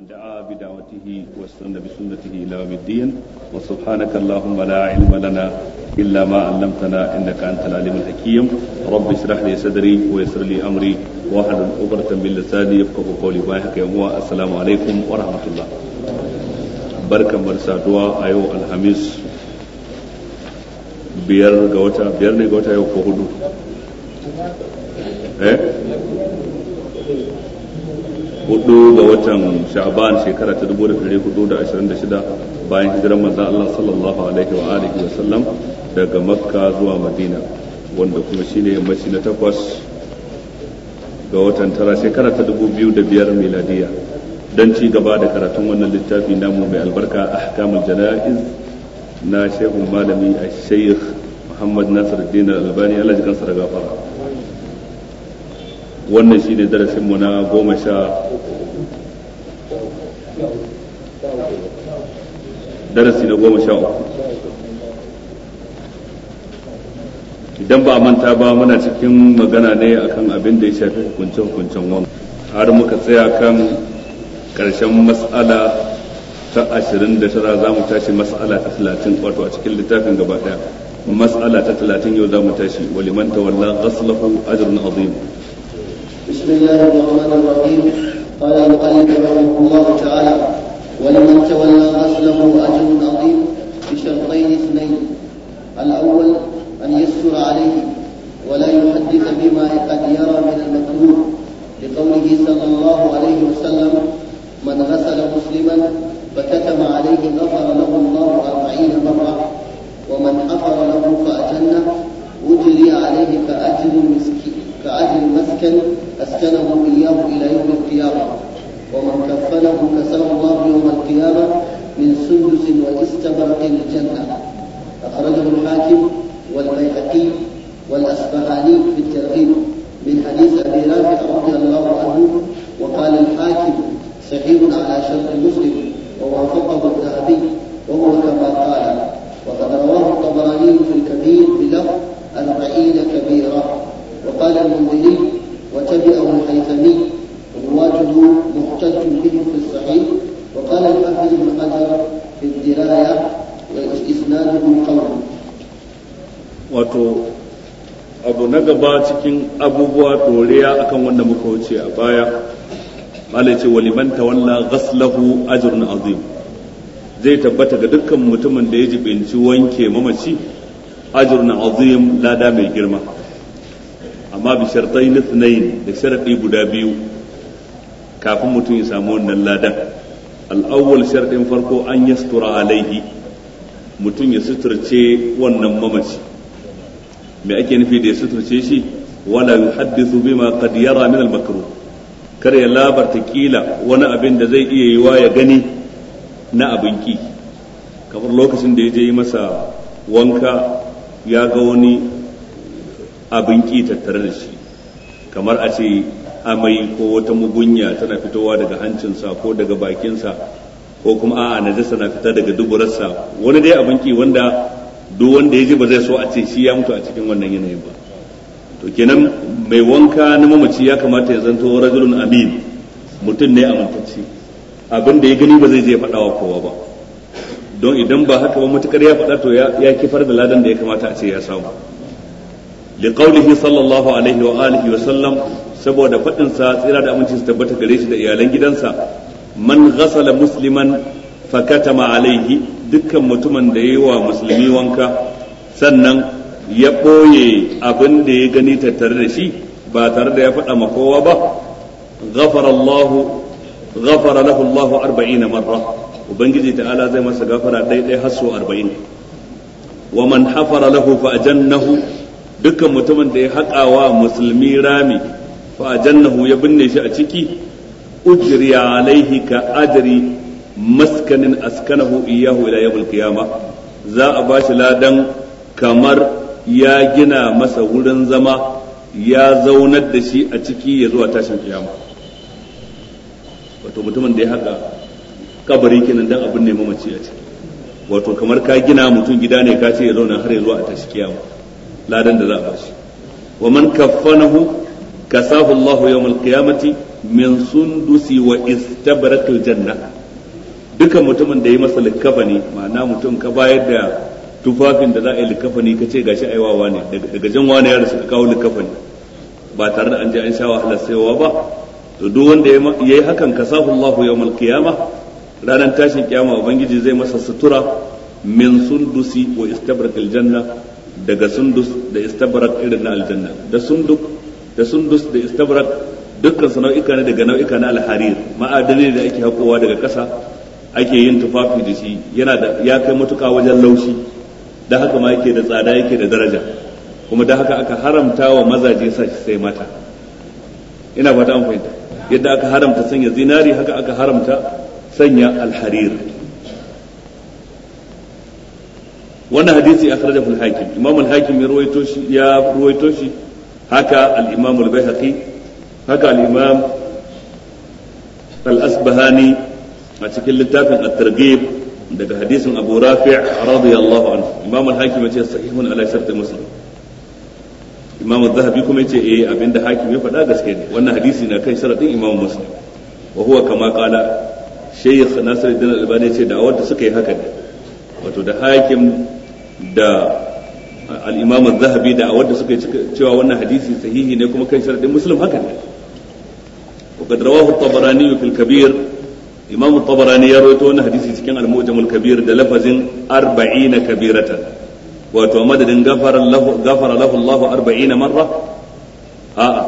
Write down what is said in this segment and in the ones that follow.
ومن دعا بدعوته واستنى بسنته الى يوم الدين وسبحانك اللهم لا علم لنا الا ما علمتنا انك انت العليم الحكيم رب اشرح لي صدري ويسر لي امري واحلل عقدة من لساني يفقهوا قولي باهك يا السلام عليكم ورحمه الله بركة مرسا دعاء ايو الخميس biyar ga wata biyar ne ga wata yau ko hudu eh hudu ga watan sha'ban shekara ta dubu da ɗari hudu da ashirin da shida bayan hijiran manzan Allah sallallahu alaihi wa alihi wa sallam daga makka zuwa madina wanda kuma shine yammaci na takwas ga watan tara shekara ta dubu biyu da biyar miladiya don ci gaba da karatun wannan littafi namu mai albarka ahkamul jana'iz na shehun malami a shaykh muhammad nasiruddin albani Allah ji kansa da gafara wannan shi darasin mu na goma sha darasi na goma sha uku idan ba manta ba muna cikin magana ne akan abin da ya shafi hukuncen hukuncen wani har muka tsaya kan karshen matsala ta ashirin da tara za mu tashi matsala ta talatin wato a cikin littafin gaba ɗaya matsala ta talatin yau za mu tashi walimanta wallan ghaslahu ajrun azim بسم الله الرحمن الرحيم قال المؤلف رحمه الله تعالى ولمن تولى غسله اجر عظيم بشرطين اثنين الاول ان يستر عليه ولا يحدث بما قد يرى من المكروه لقوله صلى الله عليه وسلم من غسل مسلما فكتم عليه غفر له الله أربعين مرة ومن حفر له فأجنه أجري عليه كأجر مسكين كأجر المسكن أسكنه إياه إلى يوم القيامة ومن كفله كساه الله يوم القيامة من سندس واستبرق الجنة أخرجه الحاكم والبيهقي والأصبهاني في الترغيب من حديث أبي رافع رضي الله عنه وقال الحاكم صحيح على شرط مسلم ووافقه الذهبي وهو كما قال وقد رواه الطبراني في الكبير بلفظ أربعين كبيرة وقال المنذري وتبعه الهيثمي ورواته محتج به في الصحيح وقال الحافظ ابن حجر في الدراية إسناده قوي wato abu na gaba cikin abubuwa doriya akan wanda muka wuce a baya malai ce walimanta wannan ghaslahu ajrun azim zai tabbata ga dukkan mutumin da ya jibinci wanke mamaci ajrun azim lada mai girma amma bi na tsanayin da sharɗi guda biyu kafin mutum ya samu wannan ladan al'awwal sharɗin farko an yastura alaihi mutum ya suturce wannan mamaci me ake nufi da ya suturce shi wala haddisu bima qad yara min al-makruh kar ya labarta kila wani abin da zai iya yiwa ya gani na abin ki kamar lokacin da ya je yi masa wanka ya ga wani abin ki tattare da shi kamar a ce amai ko wata mugunya tana fitowa daga hancinsa ko daga bakinsa ko kuma a'a najasa na fita daga duburarsa wani dai abin ki wanda duk wanda ya ji ba zai so a ce shi ya mutu a cikin wannan yanayin ba to kenan mai wanka na mamaci ya kamata ya zanto rajulun amin mutum ne amintacce abin da ya gani ba zai je faɗawa kowa ba don idan ba haka ba matukar ya faɗa to ya kifar da ladan da ya kamata a ce ya samu liqaulihi sallallahu alaihi wa alihi wa saboda faɗin sa tsira da aminci su tabbata gare shi da iyalan gidansa man ghasala musliman fakatama alaihi dukkan mutumin da yayi wa musulmi wanka sannan ya ɓoye abin da ya gani tattare da shi ba tare da ya faɗa ma kowa ba ghafara Allahu lahu Allahu 40 marra ubangiji ta'ala zai masa gafara ɗaiɗai har sau arba'in wa man hafara lahu fa ajannahu dukkan mutumin da ya haƙa wa musulmi rami fa jannahu ya binne shi a ciki ujri alaihi ka ajri maskanin askanahu iyahu ila yawmil qiyama za a bashi ladan kamar ya gina masa wurin zama ya zaunar da shi a ciki ya zuwa tashin kiyama wato mutumin da ya haka kabari kenan dan abin ne mamaci a ciki wato kamar ka gina mutum gida ne ka ce ya zauna har ya zuwa a tashin kiyama ladan da za a bashi wa man kaffanahu kasahu Allahu yawmal qiyamati min sundusi wa istabratil janna dukan mutumin da ya masa likafani ma'ana mutum ka bayar da tufafin da za a yi likafani ka ce gashi aiwawa ne daga jan wani ya rasu ka kawo likafani ba tare da an je an sha wahalar saiwa ba to duk wanda ya yi hakan kasahu Allahu yawmal qiyamah ranar tashin kiyama ubangiji zai masa sutura min sundusi wa istabrakal janna daga sundus da istabrak irin na aljanna da sunduk da sundus da istabrak dukkan su nau'ika ne daga nau'ika na alharir ma'adani da ake hakowa daga ƙasa ake yin tufafi da shi yana da ya kai matuƙa wajen laushi da haka ma yake da tsada yake da daraja kuma da haka aka haramta wa mazaje sa shi sai mata ina fata an fahimta yadda aka haramta sanya zinari haka aka haramta sanya alharir wannan hadisi akhrajahu al-hakim imam al-hakim ya ruwaito shi ya ruwaito shi haka al-imam al-baihaqi haka al-imam al-asbahani a cikin littafin at-targhib daga hadisin abu rafi' radiyallahu anhu imam al-hakim yace sahihun ala shart muslim imam zahabi kuma yace eh abinda hakim ya faɗa gaske ne wannan hadisi na kai sharadin imam muslim wa huwa kama qala shaykh nasiruddin al-albani yace da suka yi haka ne wato da hakim da al'imam zahabi da awar da suka cewa wannan hadisi sahihi ne kuma kan sharadin muslim haka ne wa qad rawahu at kabir imam at-tabarani ya rawaito wannan hadisi cikin al kabir da lafazin 40 kabiratan wato madadin gafara lahu gafara lahu Allahu 40 marra a'a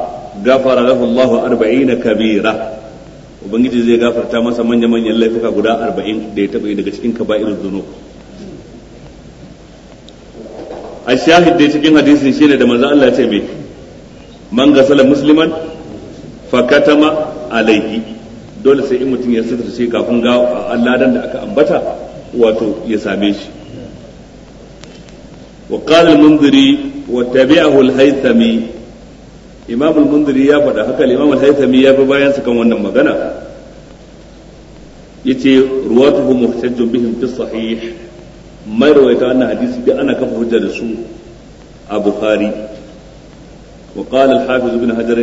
gafara lahu Allahu 40 kabira ubangiji zai gafarta masa manya-manyan laifuka guda 40 da ya taba daga cikin kaba'irul dhunub a shahid dai cikin hadisin shine da manzo Allah ya ce me man gasala musliman fakatama alaihi dole sai in mutum ya suturce kafin ga dan da aka ambata wato ya same shi wa qala al-munziri wa tabi'ahu al-haythami imam al-munziri ya faɗa haka imam al-haythami ya bi bayan su kan wannan magana yace ruwatuhu muhtajjun bihim fi sahih mai rawaita wannan hadisi duk ana kafa hujja da su a bukhari wa qala al-hafiz ibn hajar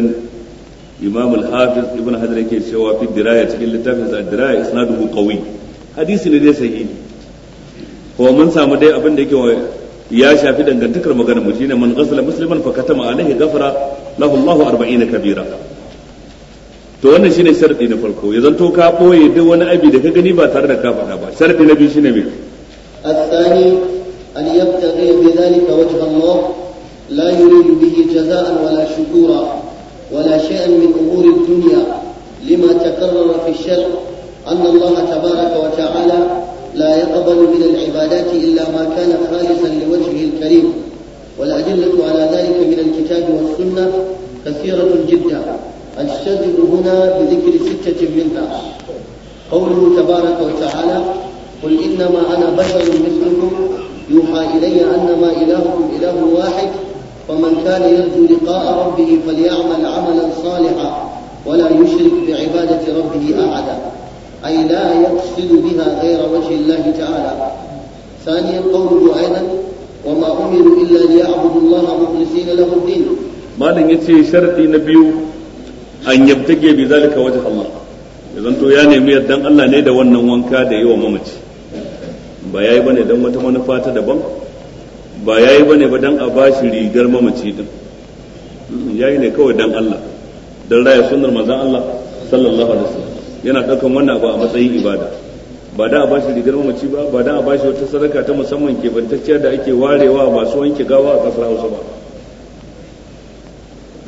imam al-hafiz ibn hajar yake cewa fi diraya cikin littafin sa diraya isnaduhu qawi hadisi ne dai sahihi ko mun samu dai abin da yake ya shafi dangantakar magana mu shine man ghasala musliman fa katama alaihi ghafara lahu Allahu 40 kabira to wannan shine sharadi na farko ya zanto ka boye duk wani abi da ka gani ba tare da ka faɗa ba sharadi na biyu shine me الثاني أن يبتغي بذلك وجه الله لا يريد به جزاء ولا شكورا ولا شيئا من أمور الدنيا لما تكرر في الشرع أن الله تبارك وتعالى لا يقبل من العبادات إلا ما كان خالصا لوجهه الكريم والأدلة على ذلك من الكتاب والسنة كثيرة جدا الشجر هنا بذكر ستة منها قوله تبارك وتعالى قل إنما أنا بشر مثلكم يوحى إلي أنما إلهكم إله واحد فمن كان يرجو لقاء ربه فليعمل عملا صالحا ولا يشرك بعبادة ربه أحدا أي لا يقصد بها غير وجه الله تعالى ثانيا قوله أيضا وما أمروا إلا ليعبدوا الله مخلصين له الدين ما نجي شرطي نبيو أن يبتغي بذلك وجه الله yanzu to ya nemi yardan Allah ne da wannan wanka da yi wa mamaci ba yayi bane dan wata manufa ta daban ba yayi bane ba dan a shi rigar mamaci din yayi ne kawai dan Allah dan raya sunnar manzon Allah sallallahu alaihi wasallam yana daukan wannan abu a matsayin ibada ba da a shi rigar mamaci ba ba da a shi wata sadaka ta musamman ke bantacciyar da ake warewa masu wanke gawa a kasar Hausa ba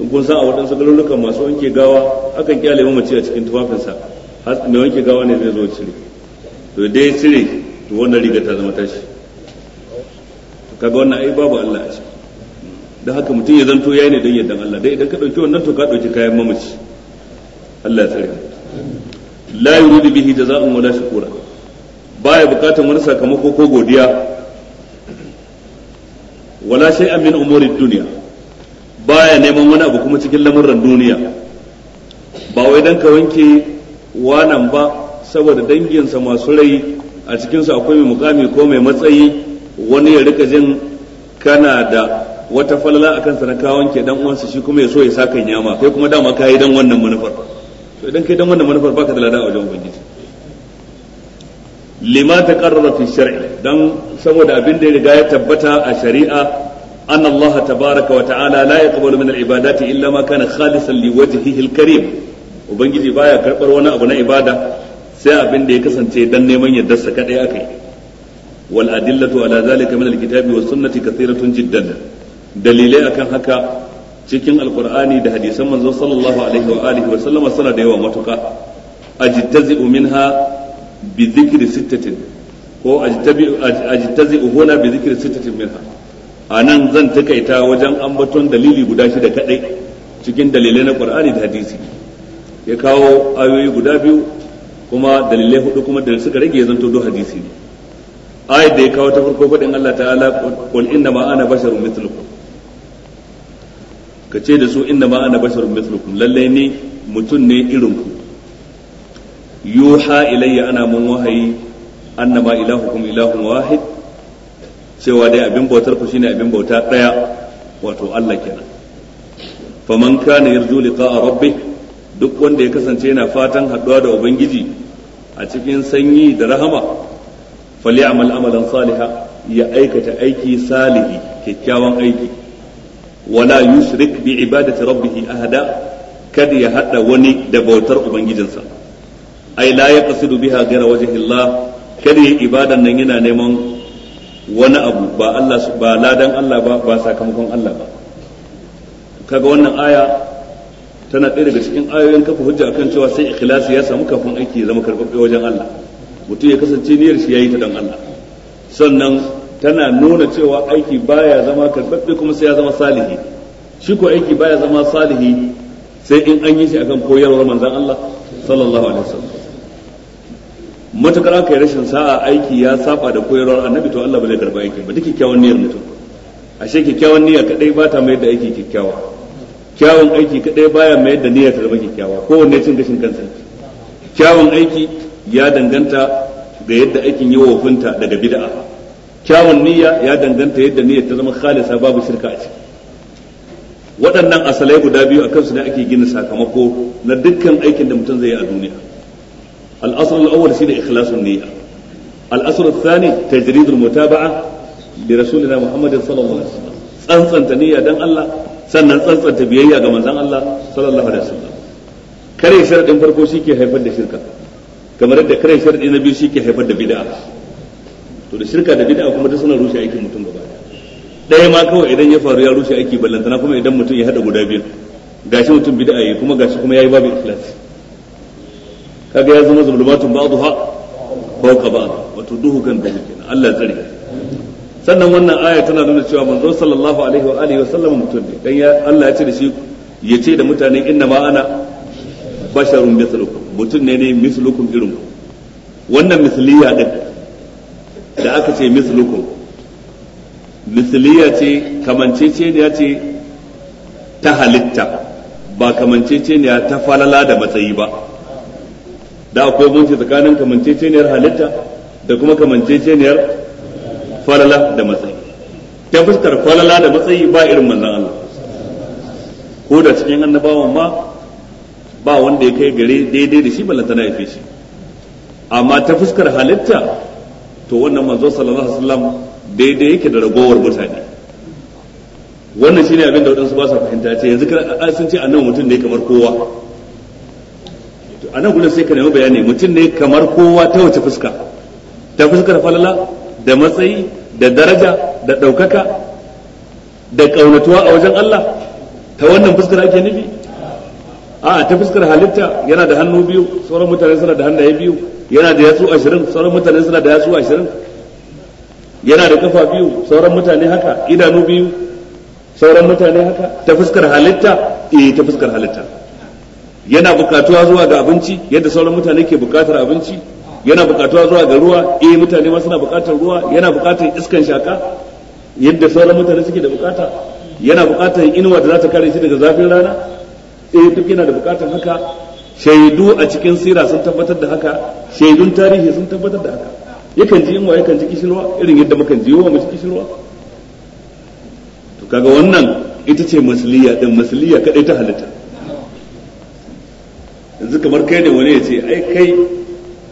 in kun san a waɗansu garurukan masu wanke gawa akan kyale mamaci a cikin tufafinsa har mai wanke gawa ne zai zo cire to dai cire to wannan riga ta zama tashi kaga wannan ai babu Allah a ciki don haka mutum ya zanto yayi ne don yaddan Allah dai idan ka dauki wannan to ka dauki kayan mamaci Allah ya tsare la yuridu bihi jazaa'un wala shukura baya bukatan wani sakamako ko godiya wala shay'an min umuri dunya baya neman wani abu kuma cikin lamuran duniya ba wai dan ka wanke wanan ba saboda danginsa masu rai a cikinsu akwai mai mukami ko mai matsayi wani ya rika jin kana da wata falala a kansa na kawon ke dan uwansa shi kuma ya so ya sa kan yama kai kuma dama ka yi dan wannan manufar to idan kai dan wannan manufar baka da lada a wajen ubangiji lima ta karrara fi shar'i dan saboda abin da ya riga ya tabbata a shari'a أن الله تبارك وتعالى لا يقبل من العبادات kana khalisan كان خالصا لوجهه الكريم baya بايا wani abu na ibada. sai abin da ya kasance dan neman yaddarsa kadai aka wal adillatu ala zalika min alkitabi was sunnati kathiratun jiddan dalilai akan haka cikin alqur'ani da hadisan manzo sallallahu alaihi wa alihi wa sallama suna da yawa matuka ajtazi'u minha bi dhikri sittatin ko ajtazi'u huna bi dhikri sittatin minha anan zan takaita wajen ambaton dalili guda shida kadai cikin dalilai na qur'ani da hadisi ya kawo ayoyi guda biyu kuma dalilai hudu kuma da suka rage zanto do hadisi ne ai da ya kawo ta farko fadin Allah ta'ala qul inna ma ana basharun mithlukum ka ce da su inna ma ana basharun mithlukum lalle ni mutum ne irin ku yuha ilayya ana mun wahayi annama ilahukum ilahun wahid cewa dai abin bautar ku shine abin bauta daya wato Allah kenan faman kana yarju liqa rabbih duk wanda ya kasance yana fatan haduwa da ubangiji a cikin sanyi da rahama falyamal amalan saliha ya aikata aiki salihi kyakkyawan aiki wala yusrik bi ibadati rabbih ahada kada ya hada wani da bautar ubangijinsa ai la yaqsidu biha ghayra wajhi Allah kada ya ibadan nan yana neman wani abu ba Allah ba ladan Allah ba ba sakamakon Allah ba kaga wannan aya tana ɗaya daga cikin ayoyin kafa hujja akan cewa sai ikhlasi ya samu kafin aiki ya zama karɓaɓɓe wajen Allah mutum ya kasance niyyar shi yayi ta dan Allah sannan tana nuna cewa aiki baya zama karɓaɓɓe kuma sai ya zama salihi shi ko aiki baya zama salihi sai in an yi shi akan koyarwar manzon Allah sallallahu alaihi wasallam matukar aka yi rashin sa'a aiki ya saba da koyarwar annabi to Allah ba zai karba aikin ba duk kyakkyawan niyyar mutum ashe kyakkyawan niyya kadai ba ta mai da aiki kyakkyawa kyawun aiki kadai baya mai yadda niyyar ta zama kyakkyawa kowanne cin gashin kansa kyawun aiki ya danganta ga yadda aikin yi wofinta daga bid'a kyawun niyya ya danganta yadda niyyar ta zama khalisa babu shirka a ciki waɗannan asalai guda biyu a kansu ne ake gina sakamako na dukkan aikin da mutum zai yi a duniya al'asar al'awwal shi da ikhlasun niyya al'asar thani tajridul mutaba'a bi rasulina muhammadin sallallahu alaihi wasallam tsantsanta niyya dan Allah sannan tsantsanta biyayya ga manzon Allah sallallahu alaihi wasallam kare sharadin farko shike haifar da shirka kamar yadda kare sharadi na biyu shike haifar da bid'a to da shirka da bid'a kuma duk suna rushe aikin mutum gaba ɗaya ma kawai idan ya faru ya rushe aiki ballantana kuma idan mutum ya hada guda biyu gashi mutum bid'a yi kuma gashi kuma yayi babu ikhlas kaga ya zama zulmatun ba'dha fawqa ba'd wato duhu kan duhu Allah zari sannan wannan aya tana nuna cewa manzo sallallahu alaihi wa alihi wa sallam mutum ne dan ya Allah ya ce da shi ya ce da mutane inna ma ana basharun mithlukum mutum ne ne mithlukum irin wannan misliya din da aka ce mithlukum misliya ce kamanceceniya ce ta halitta ba kamanceceniya ta falala da matsayi ba da akwai bunci tsakanin kamanceceniyar halitta da kuma kamanceceniyar falala da matsayi ta fuskar falala da matsayi ba irin manzan Allah ko da cikin annabawan ma ba wanda ya kai gare daidai da shi ballanta na yafe shi amma ta fuskar halitta to wannan manzo sallallahu alaihi wasallam daidai yake da ragowar mutane wannan shine abin da wadansu ba sa fahimta ce yanzu sun ce annabi mutum ne kamar kowa to anan gurin sai ka nemi bayani mutum ne kamar kowa ta wace fuska ta fuskar falala da matsayi da daraja da ɗaukaka da ƙaunatuwa a wajen Allah ta wannan fuskar ake nufi a ta fuskar halitta yana da hannu biyu sauran mutane suna da hannaye biyu yana da yatsu ashirin sauran mutane suna da yatsu ashirin yana da kafa biyu sauran mutane haka idanu biyu sauran mutane haka ta fuskar halitta eh ta fuskar halitta yana bukatuwa zuwa ga abinci yadda sauran mutane ke bukatar abinci yana bukatuwa zuwa ga ruwa eh mutane ma suna buƙatar ruwa yana buƙatar iskan shaka yadda sauran mutane suke da buƙata yana buƙatar inuwa da za ta kare shi daga zafin rana eh duk yana da buƙatar haka shaidu a cikin sira sun tabbatar da haka shaidun tarihi sun tabbatar da haka yakan ji inuwa yakan ji kishirwa irin yadda mukan ji yawa mu kishirwa to kaga wannan ita ce masliya din masliya kadai ta halitta yanzu kamar kai ne wani ya ce ai kai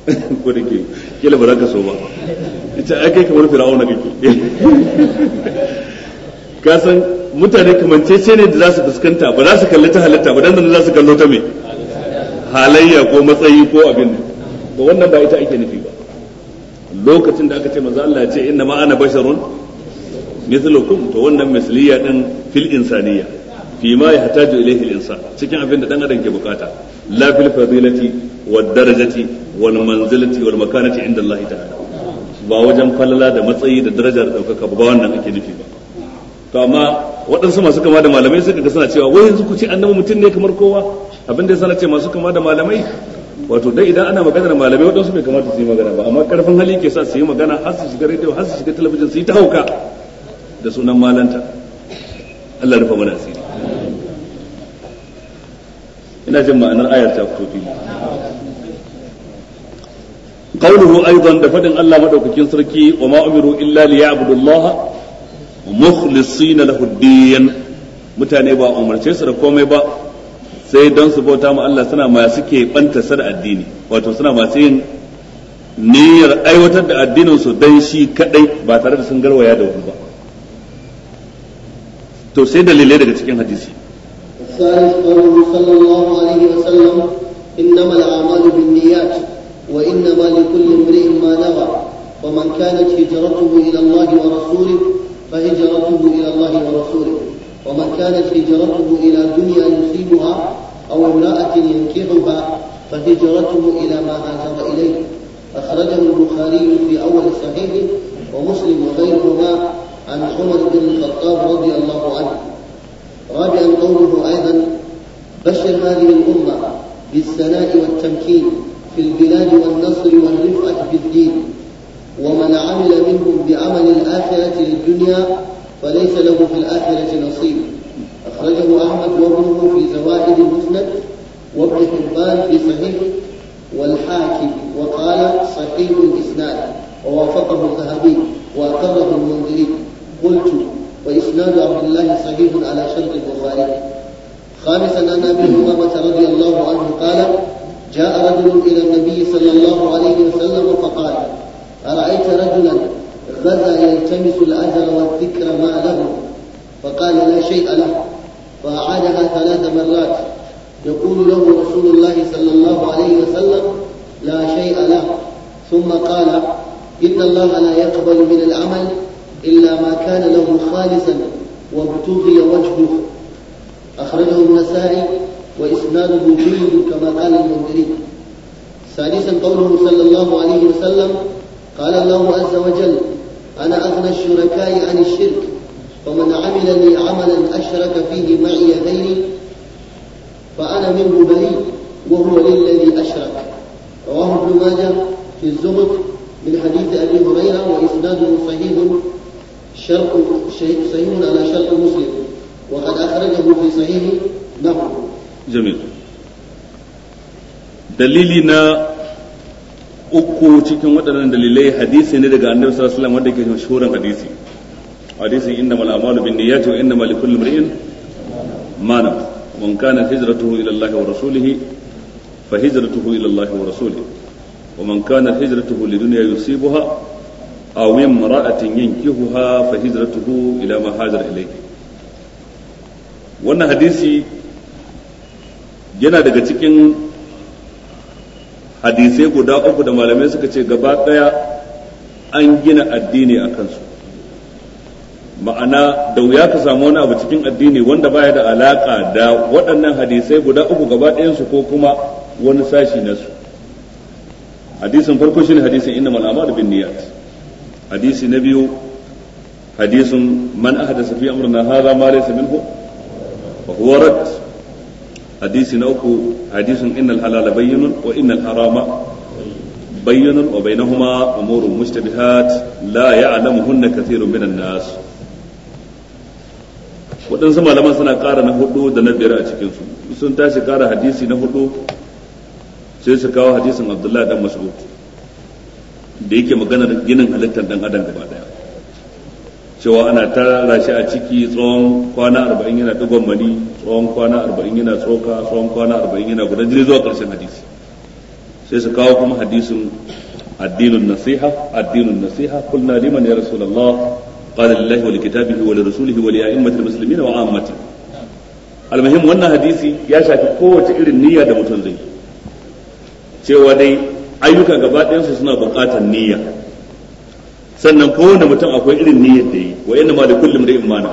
ko da ke kila ba za ka so ba ita ai kai kamar fir'auna kake ka san mutane kamar ce-ce ne da za su fuskanta ba za su kalli ta halitta ba dan nan za su kallo ta me halayya ko matsayi ko abin to wannan ba ita ake nufi ba lokacin da aka ce manzo Allah ya ce inna ma ana basharun mithlukum to wannan misliya din fil insaniya fi ma yahtaju ilayhi al insan cikin abin da dan adam ke bukata la fil fadilati wad darajati wal manzilati wal makanati inda Allah ta'ala ba wajen falala da matsayi da daraja da daukaka ba wannan ake nufi ba to amma waɗansu masu kama da malamai suka ga suna cewa wai yanzu ku ce annabi mutum ne kamar kowa abin da sana ce masu kama da malamai wato dai idan ana magana da malamai waɗansu bai kamata su yi magana ba amma karfin hali ke sa su yi magana har su shiga rediyo har su shiga talabijin su yi ta hauka da sunan malanta Allah rufa mana asiri ina jin ma'anar ayar ta fito fili قوله أيضا دفدن الله مدوك كنسركي وما أمروا إلا ليعبدوا الله مخلصين له الدين mutane ba umarce su da komai ba sai don su bauta mu Allah suna masu ke banta sada addini wato suna masu yin niyyar aiwatar da addinin su dan shi kadai ba tare da sun garwaya da wani ba to sai dalilai daga cikin hadisi الثالث قوله صلى الله عليه وسلم إنما الأعمال بالنيات وإنما لكل امرئ ما نوى ومن كانت هجرته إلى الله ورسوله فهجرته إلى الله ورسوله ومن كانت هجرته إلى دنيا يصيبها أو امرأة ينكحها فهجرته إلى ما هاجر إليه أخرجه البخاري في أول صحيحه ومسلم وغيرهما عن عمر بن الخطاب رضي الله عنه رابعا قوله أيضا بشر هذه الأمة بالثناء والتمكين في البلاد والنصر والرفعة بالدين ومن عمل منهم بعمل الآخرة للدنيا فليس له في الآخرة نصيب أخرجه أحمد وابنه في زوائد المسند وابن حبان في صحيح والحاكم وقال صحيح الإسناد ووافقه الذهبي وأقره المنذري قلت وإسناد عبد الله صحيح على شرط البخاري خامسا عن أبي هريرة رضي الله عنه قال جاء رجل إلى النبي صلى الله عليه وسلم فقال أرأيت رجلا غزا يلتمس الأجر والذكر ما له فقال لا شيء له فأعادها ثلاث مرات يقول له رسول الله صلى الله عليه وسلم لا شيء له ثم قال إن الله لا يقبل من العمل إلا ما كان له خالصا وابتغي وجهه أخرجه النسائي والإسناد مجيد كما قال المنذري سادسا قوله صلى الله عليه وسلم قال الله عز وجل أنا أغنى الشركاء عن الشرك فمن عمل لي عملا أشرك فيه معي غيري فأنا منه بريء وهو للذي أشرك رواه ابن ماجه في الزهد من حديث أبي هريرة وإسناده صحيح شرق صحيح على شرق مسلم وقد أخرجه في صحيح نحوه jamil dalili na uku cikin waɗannan dalilai hadisi ne daga annabi sallallahu alaihi wasallam wanda yake mashhuran hadisi hadisin a'malu wa imrin ma man kana hijratuhu ila wa fa hijratuhu ila wa wa man kana hijratuhu lidunya yusibuha aw imra'atin yankihuha fa hijratuhu ila ma hajara ilayhi wannan hadisi yana daga cikin hadisai guda uku da malamai suka ce gaba ɗaya an gina addini a kansu ma'ana da wuya ka samu wani abu cikin addini wanda baya da alaka da waɗannan hadisai guda uku gaba ɗayansu ko kuma wani sashi nasu hadisin farko shine hadisin inna mal amalu bin niyyat hadisi na biyu hadisin man ahdasa fi amrina hadha ma laysa minhu fa huwa rad hadisi na uku hadisin innal halala bayyinun wa innal harama bayyinun wa bainahuma umurun mushtabihat la ya'lamuhunna kathirun minan nas waɗansu malaman suna ƙara na hudu da na biyar a cikinsu sun tashi ƙara hadisi na hudu sai su kawo hadisin abdullahi dan mas'ud da yake da ginin halittar dan adam gaba cewa ana tara shi a ciki tsawon kwana arba'in yana digon mani tsawon kwana arba'in yana tsoka tsawon kwana arba'in yana guda jirgin zuwa ƙarshen hadisi sai su kawo kuma hadisin addinin nasiha addinin nasiha kulna liman ya rasulullah qala lillahi wa likitabihi wa lirasulihi wa li'a'immatil muslimin wa 'ammati almuhim wannan hadisi ya shafi kowace irin niyya da mutum zai cewa dai ayyuka gaba ɗayansu suna buƙatar niyya sannan kowane mutum akwai irin niyyar da yi wa inna ma da kullum da imana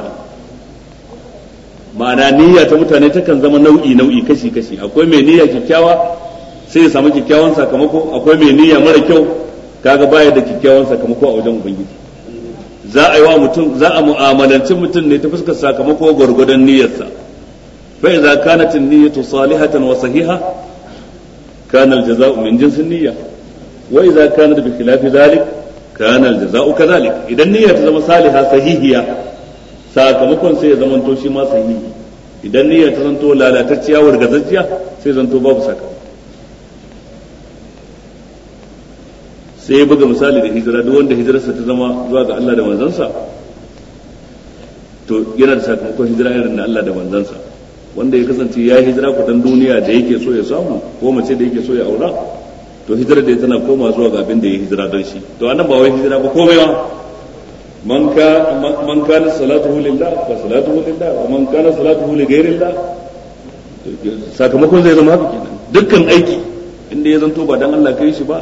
ma'ana niyya ta mutane takan zama nau'i nau'i kashi kashi akwai mai niyya kyakkyawa sai ya samu kyakkyawan sakamako akwai mai niyya mara kyau kaga baya da kyakkyawan sakamako a wajen ubangiji za a yi wa mutum za a mu'amalanci mutum ne ta fuskar sakamako gwargwadon niyyarsa fa idza kanat an-niyyatu salihatan wa sahiha kana al-jaza'u min jinsi an-niyya wa idza kanat bi khilafi dhalik kana aljaza'u kadhalik idan niyya ta zama saliha sahihiya sakamakon sai ya zamanto shi ma sahihi idan niyya ta zanto lalatacciya wargazajjiya sai zanto babu saka sai ya buga misali da hijira duk wanda hijirarsa ta zama zuwa ga Allah da manzansa to yana da sakamakon hijira irin na Allah da manzansa wanda ya kasance ya hijira kudan duniya da yake so ya samu ko mace da yake so ya aura to hijira da tana koma zuwa ga abin da ya hijira don shi to anan ba wai hijira ba komai ba man ka man kana salatu lillah fa salatu lillah wa man kana salatu li ghairillah sakamakon zai zama haka kenan dukkan aiki inda ya zanto ba dan Allah kai shi ba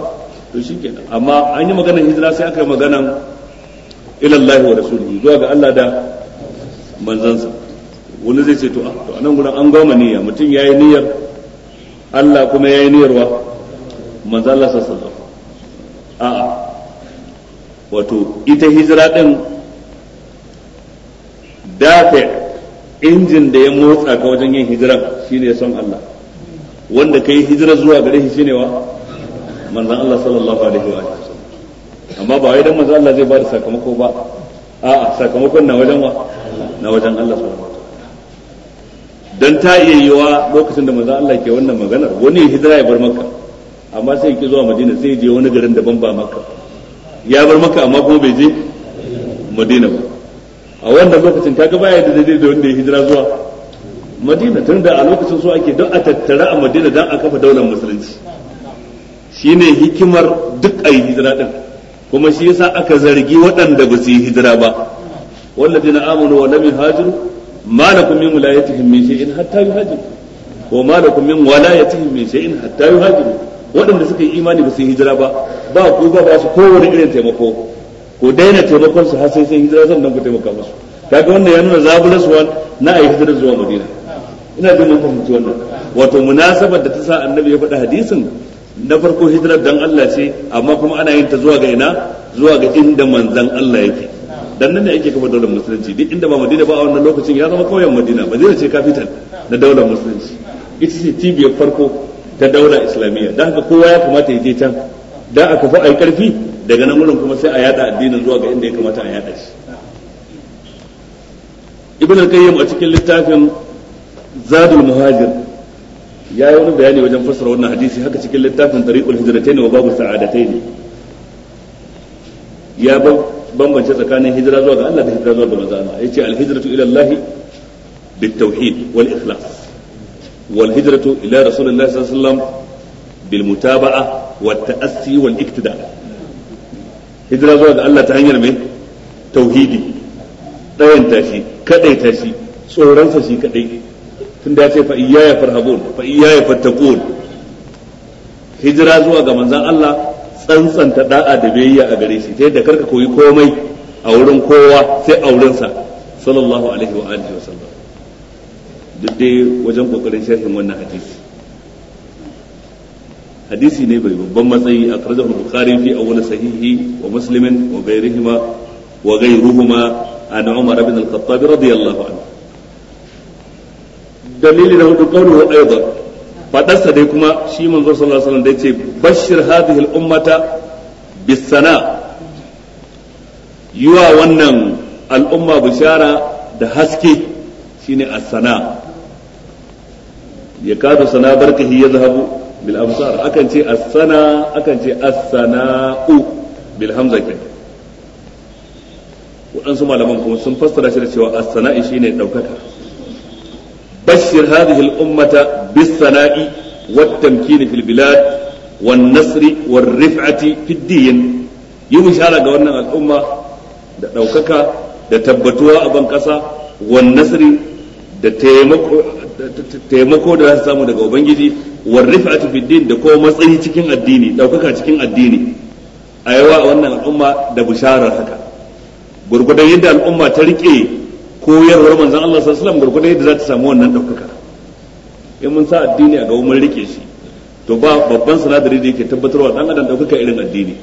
to shikenan amma an yi maganar hijira sai aka yi maganar ila Allah wa rasulihi zuwa ga Allah da manzansa wani zai ce to a ah, to anan gurin an goma niyya mutum yayi niyyar Allah kuma yayi niyyar wa manzo Allah sallallahu a'a wato ita hijira ɗin dafa injin da ya motsa ka wajen yin hijira shine son Allah wanda ka yi hijira zuwa gare shi shine wa manzon Allah sallallahu alaihi wa amma ba wai dan manzon Allah zai ba da sakamako ba a'a sakamakon na wajen wa na wajen Allah sallallahu alaihi subhanahu dan ta iya yiwa lokacin da manzon Allah ke wannan maganar wani hijira ya bar makka amma sai ki zuwa madina sai je wani garin daban ba makka ya bar makka amma kuma bai je madina ba a wannan lokacin kaga baya da daidai da wanda ya hijira zuwa madina tun da a lokacin so ake don a tattara a madina don a kafa daular musulunci shine hikimar duk a yi hijira din kuma shi yasa aka zargi waɗanda ba su yi hijira ba walladina amanu wa lam yuhajiru ma lakum min wilayatihim min shay'in hatta yuhajiru wa ma lakum min walayatihim min shay'in hatta yuhajiru waɗanda suka yi imani ba su yi hijira ba ba ku ba ba su kowane irin taimako ko daina taimakon su har sai sai hijira sannan ku taimaka musu kaga wannan ya nuna zabulus wan na ayi hijira zuwa madina ina jin mun fahimci wannan wato munasabar da ta sa annabi ya faɗi hadisin na farko hijirar dan Allah ce amma kuma ana yin ta zuwa ga ina zuwa ga inda manzon Allah yake dan nan ne ake kafa daular musulunci duk inda ba Madina ba a wannan lokacin ya zama kauyen Madina ba ce capital na daular musulunci ita ce cibiyar farko ta daura islamiyya dan haka kowa ya kamata ya je can dan aka fa ai karfi daga nan wurin kuma sai a yada addinin zuwa ga inda ya kamata a yada shi ibn al-qayyim a cikin littafin zadul muhajir ya yi wani bayani wajen fassara wannan hadisi haka cikin littafin tariqul hijratain wa babu sa'adatain ya bambance tsakanin hijira zuwa ga Allah da hijira zuwa ga manzo Allah yace al-hijratu ila Allah bit tauhid wal ikhlas wal hijratu ila rasulillahi sallallahu alaihi wasallam bil mutaba'a wat ta'assi wal iktida hijira zuwa ga Allah ta hanyar mai tauhidi ɗayanta shi kadaita shi tsoronsa shi kadai tunda ya ce farhabun fa iyaya hijira zuwa ga manzon Allah tsantsanta da'a da biyayya a gare shi ta yadda karka koyi komai a wurin kowa sai a wurinsa sallallahu alaihi wa alihi wa sallam duk dai wajen kokarin sharhin wannan hadisi hadisi ne bai babban matsayi a karjar bukari fi awwal sahihi wa muslimin wa ghairihima wa ghairuhuma an umar ibn al-khattab radiyallahu anhu dalili na hudu qawluhu aidan fadarsa dai kuma shi manzo sallallahu alaihi wasallam da yace bashir hadhihi al-ummata bisana yiwa wannan al'umma bishara da haske shine as-sana ya kadu sana barkahi ya zahabu bil absar akan ce as-sana akan ce as-sana'u bil hamza ke waɗansu malaman kuma sun fassara shi da cewa as-sana'i shine daukaka bashir hadhihi al-ummata bis sana'i wat tamkin fil bilad wan nasri war rif'ati fid din yi bishara ga wannan al'umma da daukaka da tabbatuwa a ban kasa wan nasri da taimako taimako da za su samu daga ubangiji war rif'atu fid din da kuma matsayi cikin addini daukaka cikin addini a yawa a wannan al'umma da bisharar haka gurgudan yadda al'umma ta rike koyarwar manzan Allah sa alaihi gurgudan yadda za ta samu wannan daukaka in mun sa addini a ga mun rike shi to ba babban sinadari da yake tabbatarwa dan adam daukaka irin addini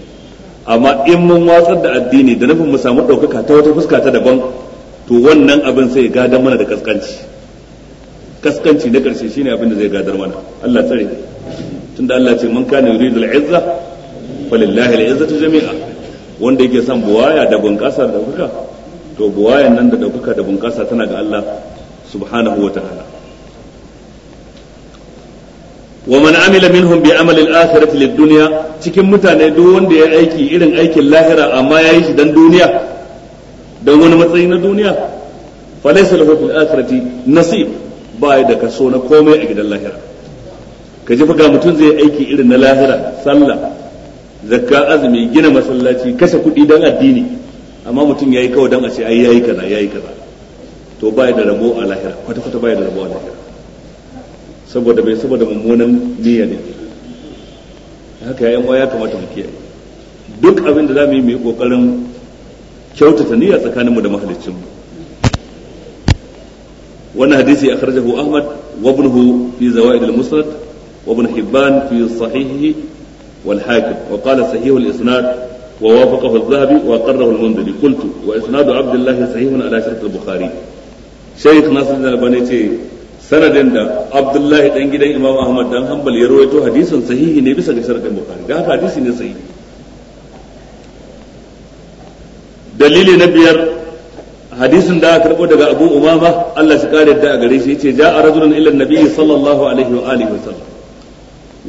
amma in mun watsar da addini da nufin mu samu daukaka ta wata fuska ta daban to wannan abin sai ya gada mana da kaskanci kaskanci na karshe shine abin da zai gadar mana Allah tsare da Allah ce man kana yuridu al-izza falillahi al-izzatu jami'a wanda yake son buwaya da bunƙasa da daukaka to buwayan nan da daukaka da bunƙasa tana ga Allah subhanahu wa ta'ala wa man amila minhum bi amal al-akhirati lid-dunya cikin mutane duk wanda ya aiki irin aikin lahira amma yayi shi dan duniya dan wani matsayi na duniya falaysa lahu fil akhirati nasib ba ya da kaso na komai a gidan lahira ka ji ga mutum zai aiki irin na lahira sallah zakka azumi gina masallaci kasa kuɗi don addini amma mutum ya yi kawai don a ce ai yi kaza yi kaza to ba ya da rabo a lahira kwata kwata ba ya da rabo a lahira saboda bai saboda mummunan niyya ne haka yayan ya kamata mu kiyaye duk abin da za mu yi mu yi kokarin kyautata niyya tsakaninmu da mahaliccinmu wannan hadisi akhrajahu ahmad wa ibnuhu fi zawaid al-musnad wa ibn hibban fi sahihi wal hakim wa qala sahih al-isnad wa wafaqahu adh-dhahabi wa qarrahu al-mundhiri qultu wa isnadu abdullah sahihun ala shart al-bukhari shaykh nasir al-albani ce sanadin da abdullahi dan gidan imam ahmad dan hanbal ya rawaito hadisin sahihi ne bisa ga sharadin bukhari da haka hadisi ne sahihi dalili na biyar hadisin da aka karbo daga Abu Umama Allah shi kare da a gare shi yace ja'a rajulun ila nabiyyi sallallahu alaihi wa alihi wasallam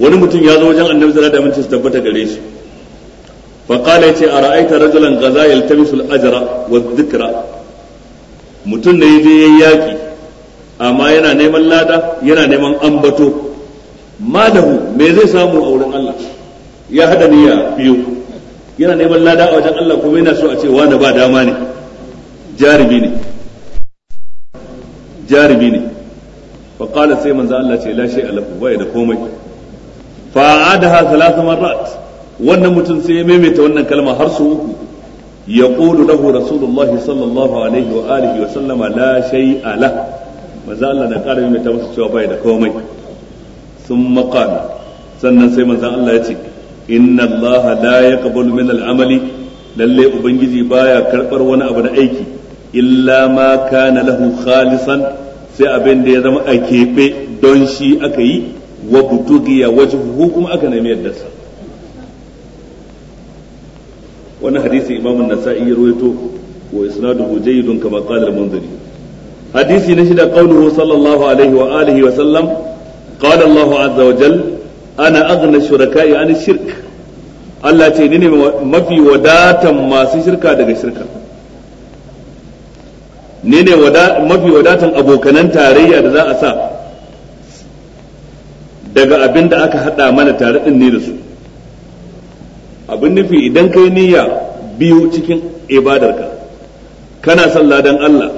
wani mutum ya zo wajen annabi sallallahu alaihi wasallam tabbata gare shi fa qala yace ara'aita rajulan gaza yaltamisu al-ajra wa dhikra mutum ne yaje yayi yaki amma yana neman lada yana neman ambato malahu me zai samu a wurin Allah ya hada niyya biyu yana neman lada a wajen Allah kuma yana so a ce wani ba dama ne jarumi ne jarumi ne fa qala sai manzo Allah ce la shay alahu bai da komai fa adaha thalath marrat wannan mutum sai ya maimaita wannan kalma har su uku yaqulu lahu rasulullah sallallahu alaihi wa alihi wa sallama la shay alah manzo Allah da ƙara maimaita masa cewa bai da komai sun qala sannan sai manzo Allah ya ce inna Allah la yaqbalu min al-amali lalle ubangiji baya karbar wani abu da aiki illa ma kana lahu khalisan sai abin da ya zama a keɓe don shi aka yi wa butugiya wajhuhu kuma aka nemi yaddarsa Wani hadisi imam an-nasa'i ya rawaito wa isnaduhu jayyidun kama qala al-munziri hadisi na shida qawluhu sallallahu alaihi wa alihi wa sallam qala Allah azza wa jal ana aghna shuraka'i an shirk Allah ce ni ne mafi wadatan masu shirka daga shirka ne ne mafi wadatan abokanan tarayya da za a sa daga abin da aka haɗa mana tare din ne da su abin nufi idan kai niyya biyu cikin ibadarka kana son ladan Allah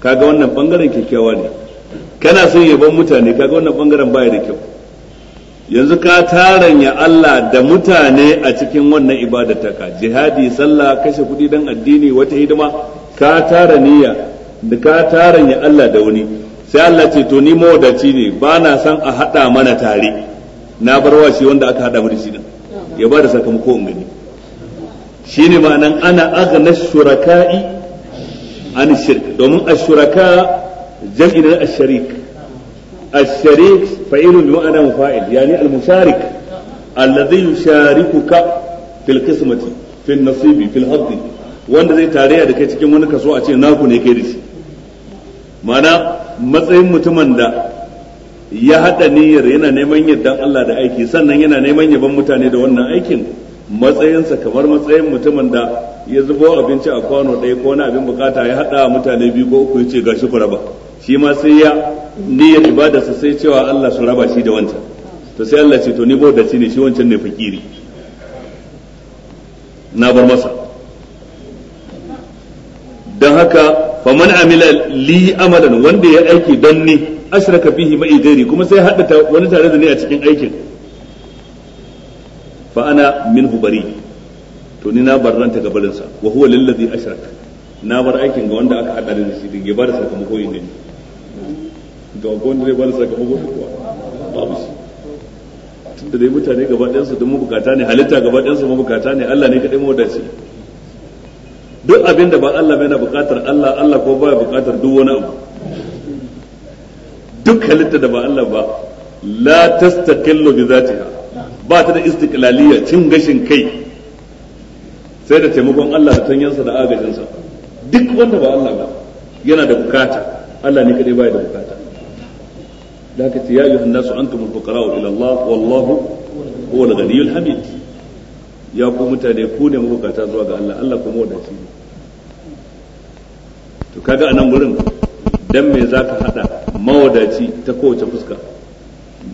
kaga wannan bangaren kyakkyawa ne kana son yabon mutane kaga wannan bangaren baya da kyau yanzu ka taranya Allah da mutane a cikin wannan ibadar ka jihadi sallah kashe kudi dan addini wata hidima ka tara niyya da ka taranya Allah da wani sai Allah ce to ni mawadaci ne ba na san a hada mana tare na bar wa shi wanda aka hada mana shi din ya ba da sakamako in gani shine ma'anan ana aghna shuraka'i an shirk domin ashuraka jam'i na asharik asharik fa'ilu bi ma'ana mufa'il yani al-musharik alladhi yusharikuka fil qismati fil nasibi fil haddi wanda zai tarayya da kai cikin wani kaso a ce naku ne kai da shi mana matsayin mutumin da ya hada niyyar yana neman yardan Allah da aiki sannan yana neman yaban mutane da wannan aikin matsayinsa kamar matsayin mutumin da ya zubo abinci a kwano ɗaya ko wani abin bukata ya hada mutane biyu ko uku ya ce gashi ku raba shi ma sai ya niyyar ibadarsa sai cewa Allah su raba shi da wancan to sai Allah ce to ni da shi ne shi wancan ne fakiri na bar masa don haka faman amila li amalan wanda ya aiki don ni ashraka fihi ma'i gairi kuma sai hada wani tare da ni a cikin aikin fa ana minhu bari to ni na barranta ga barinsa wa huwa lillazi ashrak na bar aikin ga wanda aka hada da shi din ya bada sakamako ne ni ga wanda zai bada sakamako kuwa babu shi tunda dai mutane gaba ɗayansu mu mabukata ne halitta gaba ɗayansu mabukata ne Allah ne kaɗai mawadaci duk abin da ba Allah bai na buƙatar Allah Allah ko baya buƙatar duk wani abu duk halitta da ba Allah ba la tastaqillu bi zatiha ba ta da istiqlaliyya cin gashin kai sai da taimakon Allah da tanyansa da agajinsa duk wanda ba Allah ba yana da bukata Allah ne kadai baya da bukata لكن يا أيها الناس أنتم الفقراء إلى الله والله هو الغني الحميد ya ku mutane ku ne mabukata zuwa ga Allah Allah kuma wadaci ne to kaga anan wurin dan me zaka hada mawadaci ta kowace fuska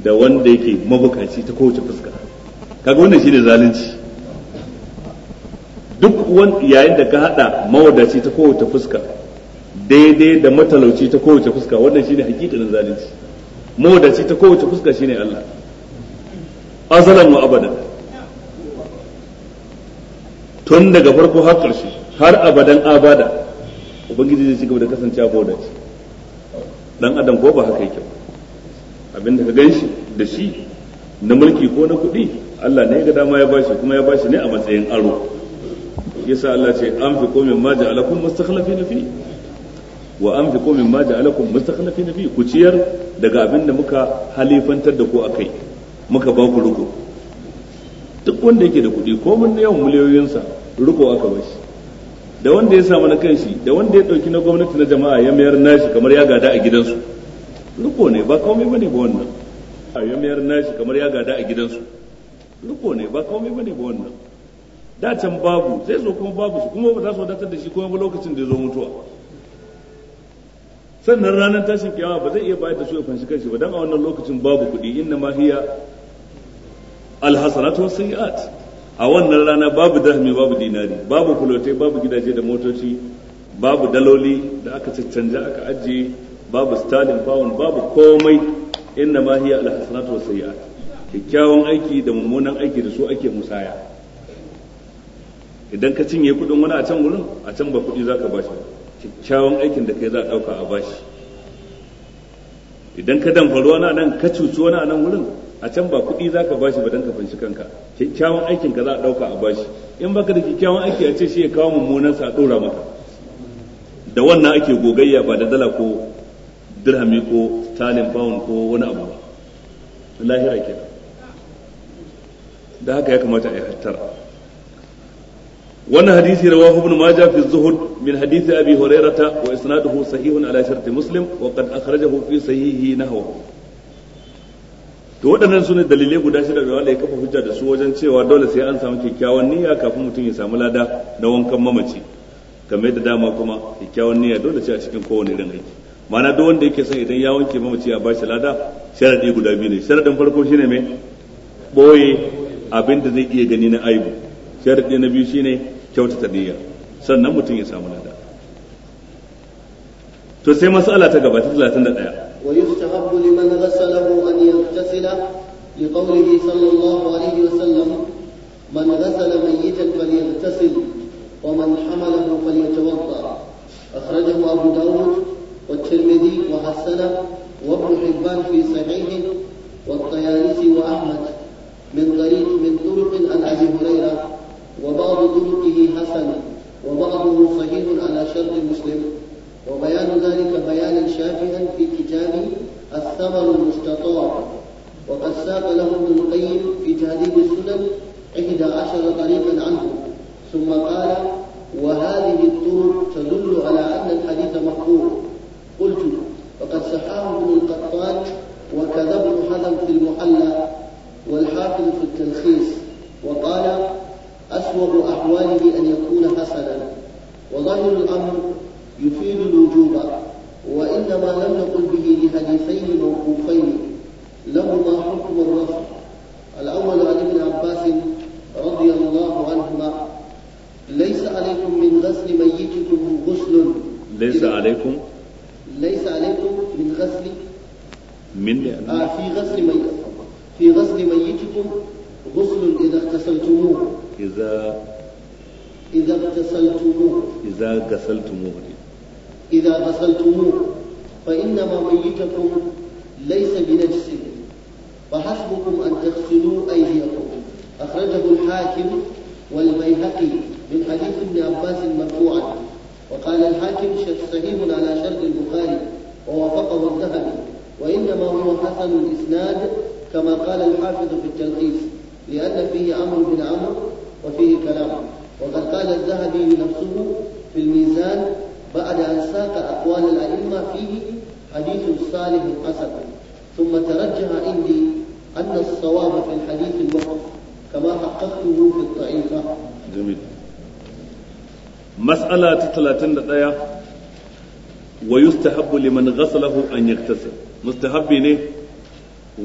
da wanda yake mabukaci ta kowace fuska kaga wannan shine zalunci duk wani yayin da ka hada mawadaci ta kowace fuska daidai da matalauci ta kowace fuska wannan shine hakikanin zalunci mawadaci ta kowace fuska shine Allah azalan wa abadan tun daga farko har ƙarshe har abadan abada ubangiji zai cigaba da kasancewa ba wadace dan adam ko ba haka yake abinda ka ganshi da shi na mulki ko na kuɗi Allah ne ga dama ya bashi kuma ya bashi ne a matsayin aro yasa Allah ce an fi komin ma ja'alakum mustakhlifin fi wa an fi komin ma ja'alakum mustakhlifin fi ku ciyar daga abin da muka halifantar da ku akai muka ba ku ruko duk wanda yake da kuɗi ko mun yawan miliyoyinsa ruko aka bashi da wanda ya samu na kanshi da wanda ya dauki na gwamnati na jama'a ya mayar nashi kamar ya gada a gidansu riko ne ba komai bane ba wannan ya mayar nashi kamar ya gada a gidansu riko ne ba komai bane ba wannan da can babu zai zo kuma babu su kuma ba za su wadatar da shi kuma ba lokacin da ya zo mutuwa sannan ranar tashin kiyama ba zai iya bayar da su ya fanshi kanshi ba dan a wannan lokacin babu kuɗi inna ma hiya alhasanatu wasayiat a wannan rana babu dirhami babu dinari babu kulotai babu gidaje da motoci babu daloli da aka caccanja aka ajiye babu stalin pound babu komai inna ma hiya alhasanatu wasayyi'at kyakkyawan aiki da mummunan aiki da su ake musaya idan ka cinye kudin wani a can wurin a can ba kudi zaka bashi kyakkyawan aikin da kai za a dauka a bashi idan ka damfari wani nan ka cuci wani a nan wurin a can ba kuɗi za ka bashi ba dan ka fanshi kanka kyakkyawan aikin ka za a ɗauka a bashi in baka da kyakkyawan aiki a ce shi ya kawo mummunan sa a ɗora maka da wannan ake gogayya ba da dala ko dirhami ko talin pound ko wani abu ba lahira ke da haka ya kamata a yi hattara wannan hadisi rawahu ibn majah fi zuhud min hadisi abi hurairata wa isnaduhu sahihun ala sharti muslim wa qad akhrajahu fi sahihi hawa. to waɗannan su ne dalilai guda shida da wanda ya kafa hujja da su wajen cewa dole sai an samu kyakkyawan niyya kafin mutum ya samu lada na wankan mamaci kamar da dama kuma kyakkyawan niyya dole ce a cikin kowane irin aiki ma'ana duk wanda yake son idan ya wanke mamaci a bashi lada sharadi guda biyu ne sharadin farko shine mai boye abin da zai iya gani na aibu sharadi na biyu shine kyautata niyya sannan mutum ya samu lada to sai mas'ala ta gaba ta 31 ويستحب لمن غسله أن يغتسل لقوله صلى الله عليه وسلم من غسل ميتا فليغتسل ومن حمله فليتوضأ أخرجه أبو داود والترمذي وحسنه وابن حبان في صحيحه والطيالسي وأحمد من طريق من طرق عن أبي هريرة وبعض طرقه حسن وبعضه صحيح على شرط مسلم وبيان ذلك بيانا شافيا في كتابه الثمر المستطاع وقد ساق له ابن القيم في تهذيب السنن إحدى عشر طريقا عنه ثم قال وهذه الطرق تدل على أن الحديث مقبول قلت وقد سحاه ابن القطان وكذا ابن حزم في المحلى والحاكم في التلخيص وقال أسوأ أحواله أن يكون حسنا وظاهر الأمر يفيد الوجوب وإنما لم نقل به لحديثين موقوفين لهما حكم الرفع الأول عن ابن عباس رضي الله عنهما ليس عليكم من غسل ميتكم غسل ليس عليكم ليس عليكم من غسل من آه في غسل ميت في غسل ميتكم غسل إذا اغتسلتموه إذا إذا اغتسلتموه إذا غسلتموه إذا غسلتموه فإنما ميتكم ليس بنجس فحسبكم أن تغسلوا أيديكم أخرجه الحاكم والبيهقي من حديث ابن عباس مرفوعا وقال الحاكم صحيح على شرط البخاري ووافقه الذهبي وإنما هو حسن الإسناد كما قال الحافظ في التلخيص لأن فيه عمرو بن عمرو وفيه كلام وقد قال الذهبي نفسه في الميزان بعد أن ساق أقوال الأئمة فيه حديث صالح حسن ثم ترجح عندي أن الصواب في الحديث الوقف كما حققته في الطائفة جميل مسألة 31 ويستحب لمن غسله أن يغتسل مستحب ne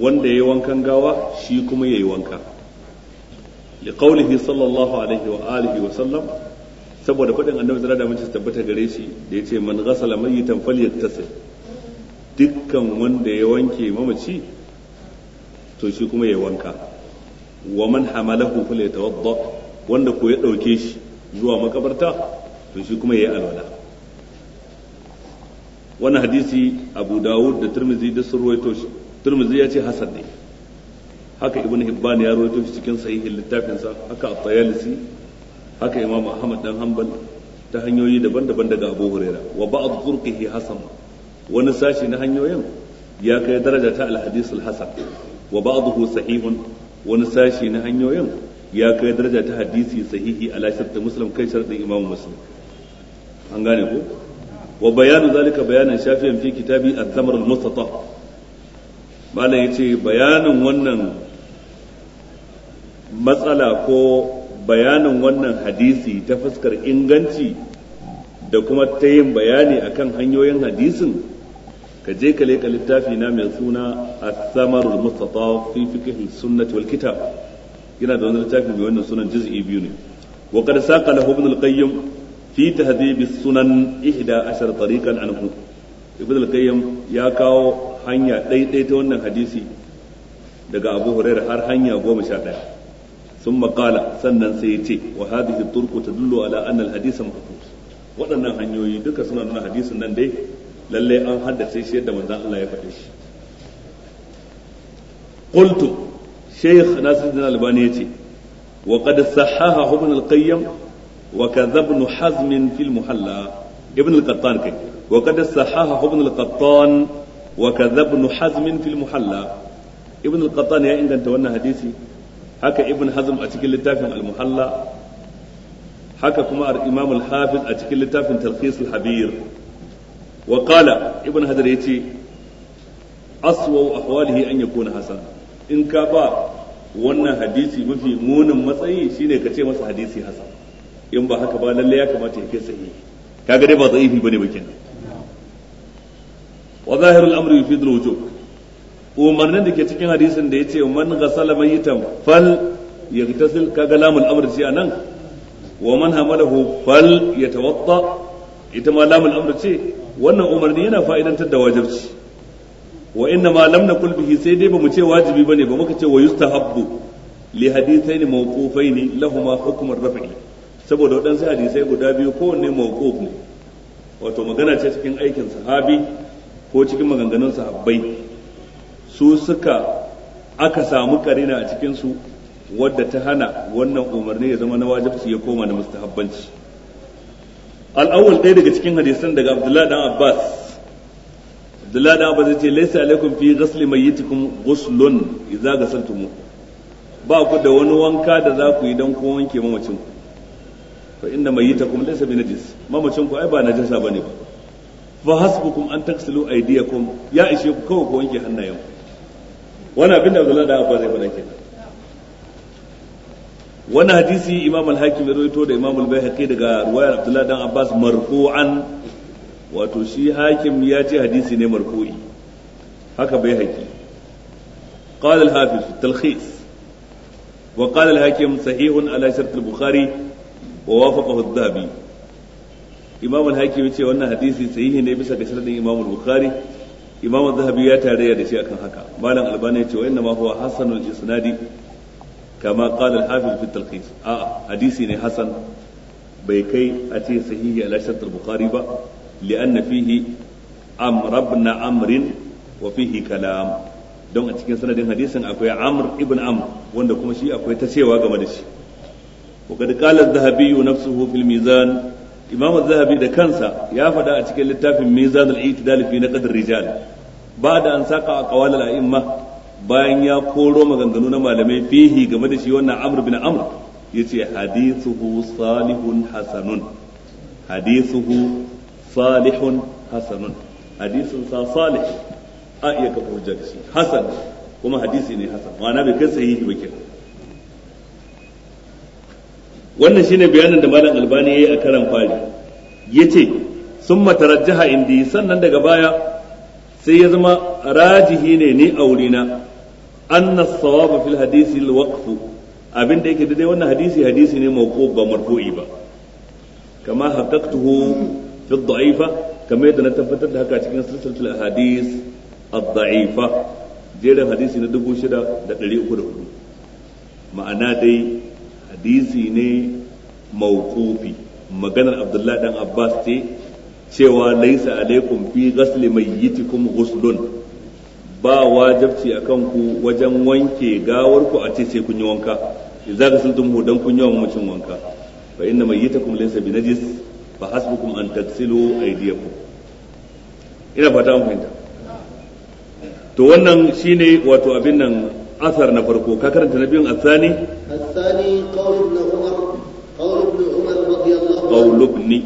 wanda ya yi wankan gawa shi kuma ya yi wanka لقوله صلى الله عليه وآله وسلم saboda faɗin annabi zara da mace su tabbata gare shi da ya ce man ghasala mayyitan falyattasil dukkan wanda ya wanke mamaci to shi kuma ya wanka wa man hamalahu falyatawadda wanda ko ya dauke shi zuwa makabarta to shi kuma ya yi alwala wannan hadisi abu dawud da turmizi da sun ruwaito shi turmizi ya ce hasan ne haka ibn hibban ya ruwaito shi cikin sahihin littafinsa haka at-tayalisi haka imam ahmad dan hanbal ta hanyoyi daban-daban daga abu huraira wa ba'd turqihi hasan wani sashi na hanyoyin ya kai daraja ta al-hadith al-hasan wa ba'dahu sahihun wani sashi na hanyoyin ya kai daraja ta hadisi sahihi ala shartin muslim kai shartin imam muslim an gane ko wa bayanu zalika bayanan shafiyan fi kitabi al-thamr al-mustata malam yace bayanin wannan matsala ko bayanin wannan hadisi ta fuskar inganci da kuma ta yin bayani akan hanyoyin hadisin ka je ka leka littafi na mai suna a samar mustata fi fiqh sunnati wal kitab yana da wani littafi mai wannan sunan juz'i biyu ne wa qad saqa lahu ibn al-qayyim fi tahdhib sunan 11 tariqan anhu ibn al-qayyim ya kawo hanya ɗaiɗai ta wannan hadisi daga abu hurairah har hanya goma sha ɗaya sun makala sannan sai ya ce wa hadhihi turku tadullu ala anna al-hadith waɗannan hanyoyi duka suna nuna hadisin nan dai lalle an haddace shi yadda manzon Allah ya faɗe shi qultu shaykh nasiruddin albani yace wa qad sahaha ibn al-qayyim wa kadhab ibn hazm fi al-muhalla ibn al-qattan kai wa qad sahaha ibn al-qattan wa kadhab ibn hazm fi al-muhalla ibn al-qattan ya inganta wannan hadisi haka ibn hazm a cikin littafin al-muhalla haka kuma al-imam al-hafiz a cikin littafin talkhis al-habir wa qala ibn hazm yace aswa ahwalihi an yakuna hasan in ka ba wannan hadisi mafi munin matsayi shine ka ce masa hadisi hasan in ba haka ba lalle ya kamata ya kai sahihi kaga dai ba da'ifi bane ba kenan wa zahirul amri yufidul wujub umarnin da ke cikin hadisin da ya ce man ghasala mayyitan fal yaghtasil kaga lamul amr ce anan wa man hamalahu fal yatawatta ita ma lamul amr ce wannan umarni yana fa'idantar da wajibci wa inna ma lam nakul bihi sai dai bamu ce wajibi bane ba muka ce wa yustahabbu li hadithain mawqufain lahumma hukm ar saboda waɗansu hadisai guda biyu kowanne mawquf ne wato magana ce cikin aikin sahabi ko cikin maganganun sahabbai su suka aka samu karina a cikinsu wadda ta hana wannan umarni ya zama na wajibci ya koma na mustahabbanci al'awul ɗaya daga cikin hadisan daga abdullahi dan abbas abdullahi dan abbas ce laisa alaikum fi ghasli mayyitikum ghuslun idza ghasaltum ba ku da wani wanka da za ku yi dan ko wanke mamacin ku fa inna mayyitakum laysa bi najis mamacin ku ai ba najasa bane ba fa hasbukum an taksilu aydiyakum ya ishe ku kawai ku wanke hannayenku. wani abin da Abdullahi da Abba zai faɗa kenan wani hadisi Imam al-Hakim ya rawaito da Imam al-Baihaqi daga ruwayar Abdullahi dan Abbas marfu'an wato shi Hakim ya ce hadisi ne marfu'i haka Baihaqi قال الحافظ في التلخيص وقال الحاكم صحيح على شرط البخاري ووافقه الذهبي imam al-hakim yace wannan hadisi sahihi ne bisa ga sharadin imam al-bukhari imam zahabi ya tarayya da shi akan haka malam albani ya ce wa inna ma huwa hasanul isnadi kama qala al-hafiz fi talqis a hadisi ne hasan bai kai a ce sahihi ala shart al-bukhari ba li'anna fihi amr ibn amr wa fihi kalam don a cikin sanadin hadisin akwai amr ibn amr wanda kuma shi akwai ta cewa game da shi وقد قال الذهبي نفسه في imam zahabi da kansa ya faɗa a cikin littafin mizan al-i'tidal fi na qadar rijal ba da an saka a qawal al-a'imma bayan ya koro maganganu na malamai fihi game da shi wannan amr bin amr yace hadithuhu salihun hasanun hadithuhu salihun hasanun hadisin sa salih a iya kafa hujja shi hasan kuma hadisi ne hasan ma'ana bai kai sahihi ba kenan wannan shine bayanin da malam albani yayi a karan fari yace summa tarajjaha indi sannan daga baya sai ya zama rajihi ne ni a wurina anna as-sawab fil hadisi al-waqf abin da yake daidai wannan hadisi hadisi ne mawquf ba marfu'i ba kama haqqaqtuhu fi ad-da'ifa kamar yadda na tabbatar da haka cikin silsilatul hadis ad-da'ifa jerin hadisi na 6304 ma'ana dai hadisi ne mawqufi maganar abdullahi dan abbas ce cewa laisa alaikum fi ghasli mayyitikum ghuslun ba wajibci akan ku wajen wanke gawar ku a ce sai kun yi wanka idza ghasaltum hu dan kun yi mutum wanka fa inna mayyitakum laysa najis fa hasbukum an tagsilu aydiyakum ina fata an fahimta to wannan shine wato abin nan أثر نفركو كاكرا نبي الثاني الثاني قول ابن عمر قول ابن عمر رضي الله عنه قول ابن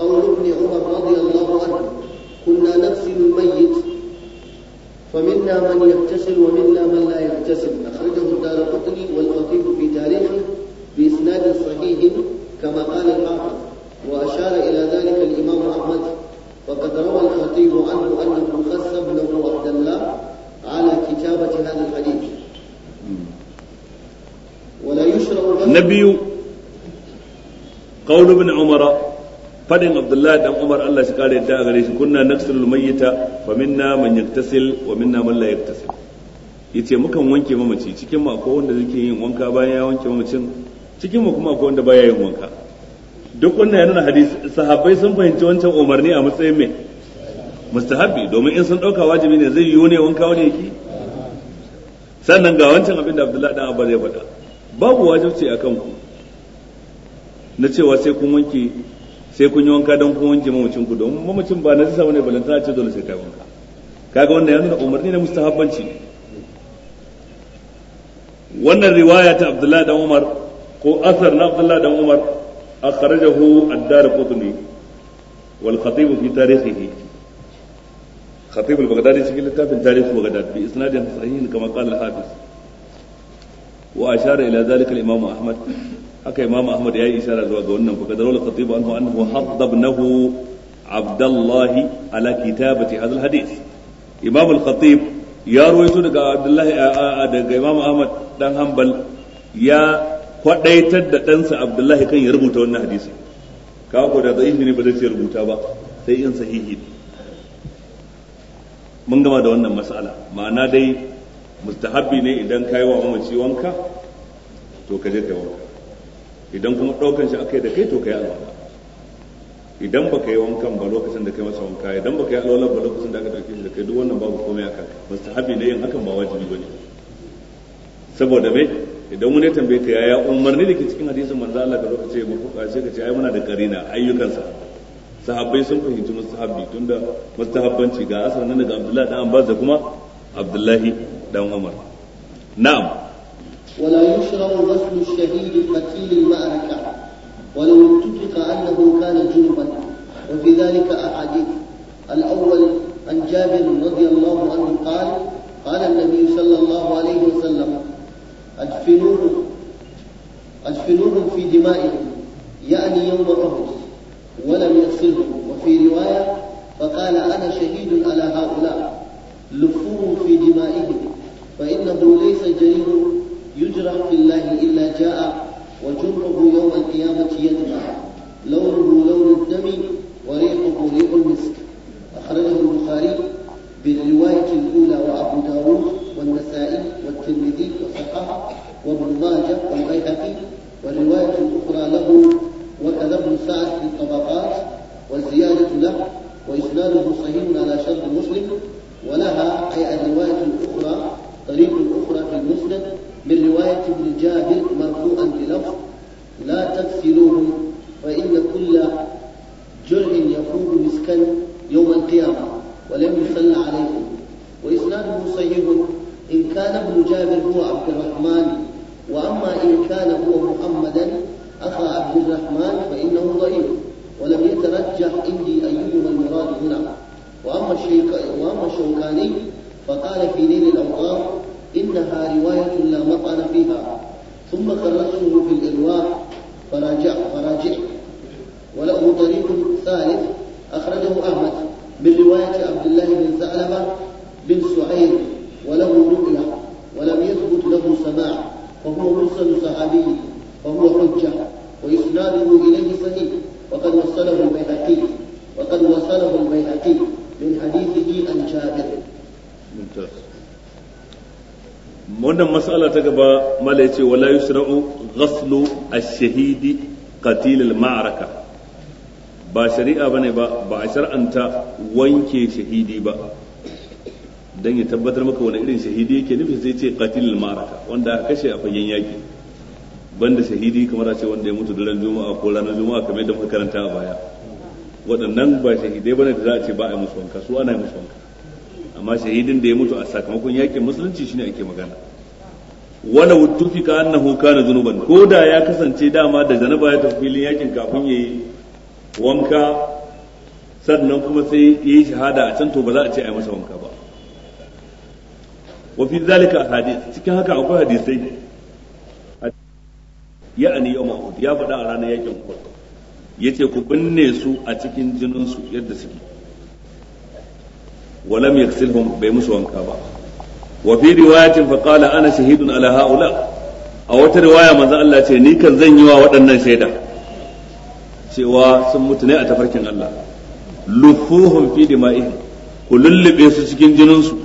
قول ابن عمر رضي الله عنه كنا نغسل الميت فمنا من يغتسل ومنا من لا يغتسل أخرجه الدار قطني والخطيب في تاريخه بإسناد صحيح كما قال الحافظ وأشار إلى ذلك الإمام أحمد وقد روى الخطيب عنه أنه خس ابنه عبد الله على كتابة هذا الحديث na biyu ƙaunu bin umara fadin abdullahi dan umar Allah shi kare yadda a gare shi kunna naksulul mayyita fa minna man yaktasil wa minna man la yaktasil yace mukan wanke mamaci cikin mu akwai wanda zai yin wanka bayan ya wanke mamacin cikin mu kuma akwai wanda baya yin wanka duk wannan ya nuna hadisi sahabbai sun fahimci wancan umarni a matsayin mai mustahabi domin in sun dauka wajibi ne zai yiwu ne wanka wani yake sannan ga wancan abin da Abdullahi dan Abba zai faɗa babu wajibci a kanku na cewa sai kun wanke sai kun yi wanka don kun wanke mamacin ku don mamacin ba na zisa bane a ce dole sai kai wanka kaga wannan yanzu na umarni na mustahabbanci wannan riwaya ta Abdullahi dan Umar ko asar na Abdullahi dan Umar akhrajahu ad-Darqutni wal khatib fi tarihihi khatib al-Baghdadi cikin littafin tarihi Baghdad bi isnadin sahihin kama qala al-Hafiz wa ashara ila zalika al-imam ahmad haka imam ahmad yayi isharar zuwa ga wannan fa kadar al-khatib anhu annahu haddabnahu abdullah ala kitabati hadha al-hadith imam al-khatib ya rawaito daga abdullahi daga imam ahmad dan hanbal ya kwadaitar da dansa abdullahi kan ya rubuta wannan hadisi kawo ko da zai ne ba zai rubuta ba sai in sahihi mun gama da wannan mas'ala ma'ana dai mustahabbi ne idan ka yi wa mamaci wanka to ka je ka yi wanka idan kuma ɗaukan shi akai da kai to ka yi alwala idan ba ka yi wankan ba lokacin da kai masa wanka idan ba ka yi alwala ba lokacin da aka ɗauke shi da kai duk wannan babu komai akan mustahabbi ne yin hakan ba wajibi ba ne saboda me idan wani tambaye ka yaya umarni da ke cikin hadisin manzo Allah ka zo ka ce fuka sai ka ce ai muna da karina ayyukansa sahabbai sun fahimci mustahabbi tunda mustahabbanci ga asar nan daga Abdullahi dan Abbas da kuma Abdullahi dan عمر نعم ولا يشرع غسل الشهيد القتيل المعركة ولو اتفق أنه كان جنبا وفي ذلك أحاديث الأول عن جابر رضي الله عنه قال قال النبي صلى الله عليه وسلم أدفنوهم أدفنوهم في دمائهم يعني يوم أحد ولم يغسلهم وفي رواية فقال أنا شهيد على هؤلاء لفوهم في دمائهم فإنه ليس جرير يجرح في الله إلا جاء وجره يوم القيامة يدمع لونه لون الدم وريحه ريح المسك أخرجه البخاري بالرواية الأولى وأبو داود والنسائي والترمذي وصححه وابن ماجه والبيهقي والرواية الأخرى له وكذا ابن سعد في الطبقات والزيادة له وإسناده صحيح على شرط مسلم ولها أي الرواية الأخرى طريق أخرى في المسند من رواية ابن جابر مرفوعا بلفظ لا تغسلوه فإن كل جرع يفوق مسكا يوم القيامة ولم يصلى عليكم وإسناده صحيح إن كان ابن جابر هو عبد الرحمن وأما إن كان هو محمدا أخا عبد الرحمن فإنه ضعيف ولم يترجح عندي أيهما المراد هنا وأما الشيخ وأما الشوكاني فقال في نيل الأوقاف إنها رواية لا مطعن فيها ثم خرجته في الإرواح فراجع فراجع وله طريق ثالث أخرجه أحمد من رواية عبد الله بن ثعلبة بن سعيد wannan mas'ala ta gaba mala yace wala yusra'u ghaslu ash-shahidi qatil al-ma'raka ba shari'a bane ba ba a shar'anta wanke shahidi ba dan ya tabbatar maka wani irin shahidi yake nufi sai ce qatil al-ma'raka wanda aka kashe a fagen yaki banda shahidi kamar a ce wanda ya mutu daren juma'a ko ranar juma'a kamar yadda muka karanta a baya waɗannan ba shahidai bane da za a ce ba a yi musu wanka su ana yi musu wanka amma shahidin da ya mutu a sakamakon yakin musulunci shine ake magana wala wuttufi ka annahu kana zunuban ko da ya kasance dama da zanaba ya tafi filin yakin kafin yayi wanka sannan kuma sai yayi shahada a can to ba za a ce ai masa wanka ba wa fi zalika hadith cikin haka akwai hadisai ya'ani yawm uhud ya faɗa a ranar yakin uhud yace ku binne su a cikin jinin su yadda suke walam yaksilhum bai musu wanka ba wa fi riwayatin fa qala ana shahidun ala haula a wata riwaya manzo Allah ce ni kan zan yi wa waɗannan shaida cewa sun mutu ne a tafarkin Allah lufuhum fi dima'ihim ku lullube su cikin jinin su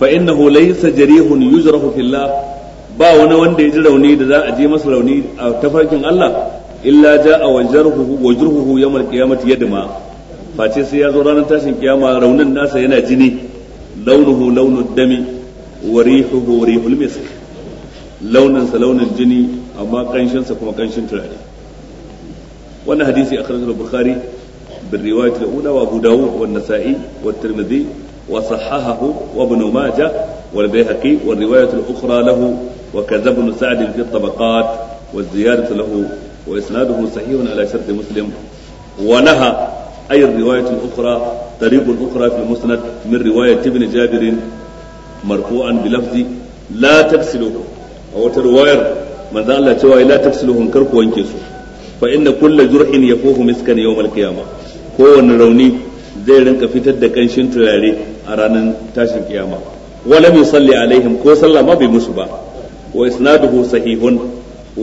fa innahu laysa jarihun yujrahu fillah ba wani wanda ya ji rauni da za a je masa rauni a tafarkin Allah illa ja'a wajruhu wajruhu yawmal qiyamati yadma face sai ya zo ranar tashin kiyama raunin nasa yana jini launuhu launud dami wa rihuhu misk launin sa launin jini amma kanshin kuma kanshin turare wannan hadisi a al-bukhari bil riwayat al-ula wa abu dawud wa nasai wa at-tirmidhi wa sahahahu wa ibn majah wal bayhaqi wa riwayat al-ukhra lahu wa kadha ibn sa'd fi at-tabaqat والزيادة له وإسناده صحيح على شرط مسلم ونهى أي الرواية الأخرى طريق أخرى في المسند من رواية ابن جابر marfu'an bi lafzi la tafsiluhu a wata riwayar manzo Allah cewa la tafsiluhum kar ku wanke su fa inna kullu jurhin yafuhu miskan yawm al-qiyamah kowanne rauni zai rinka fitar da kanshin turare a ranar tashin kiyama wala bi salli alaihim ko sallama bai musu ba wa isnaduhu sahihun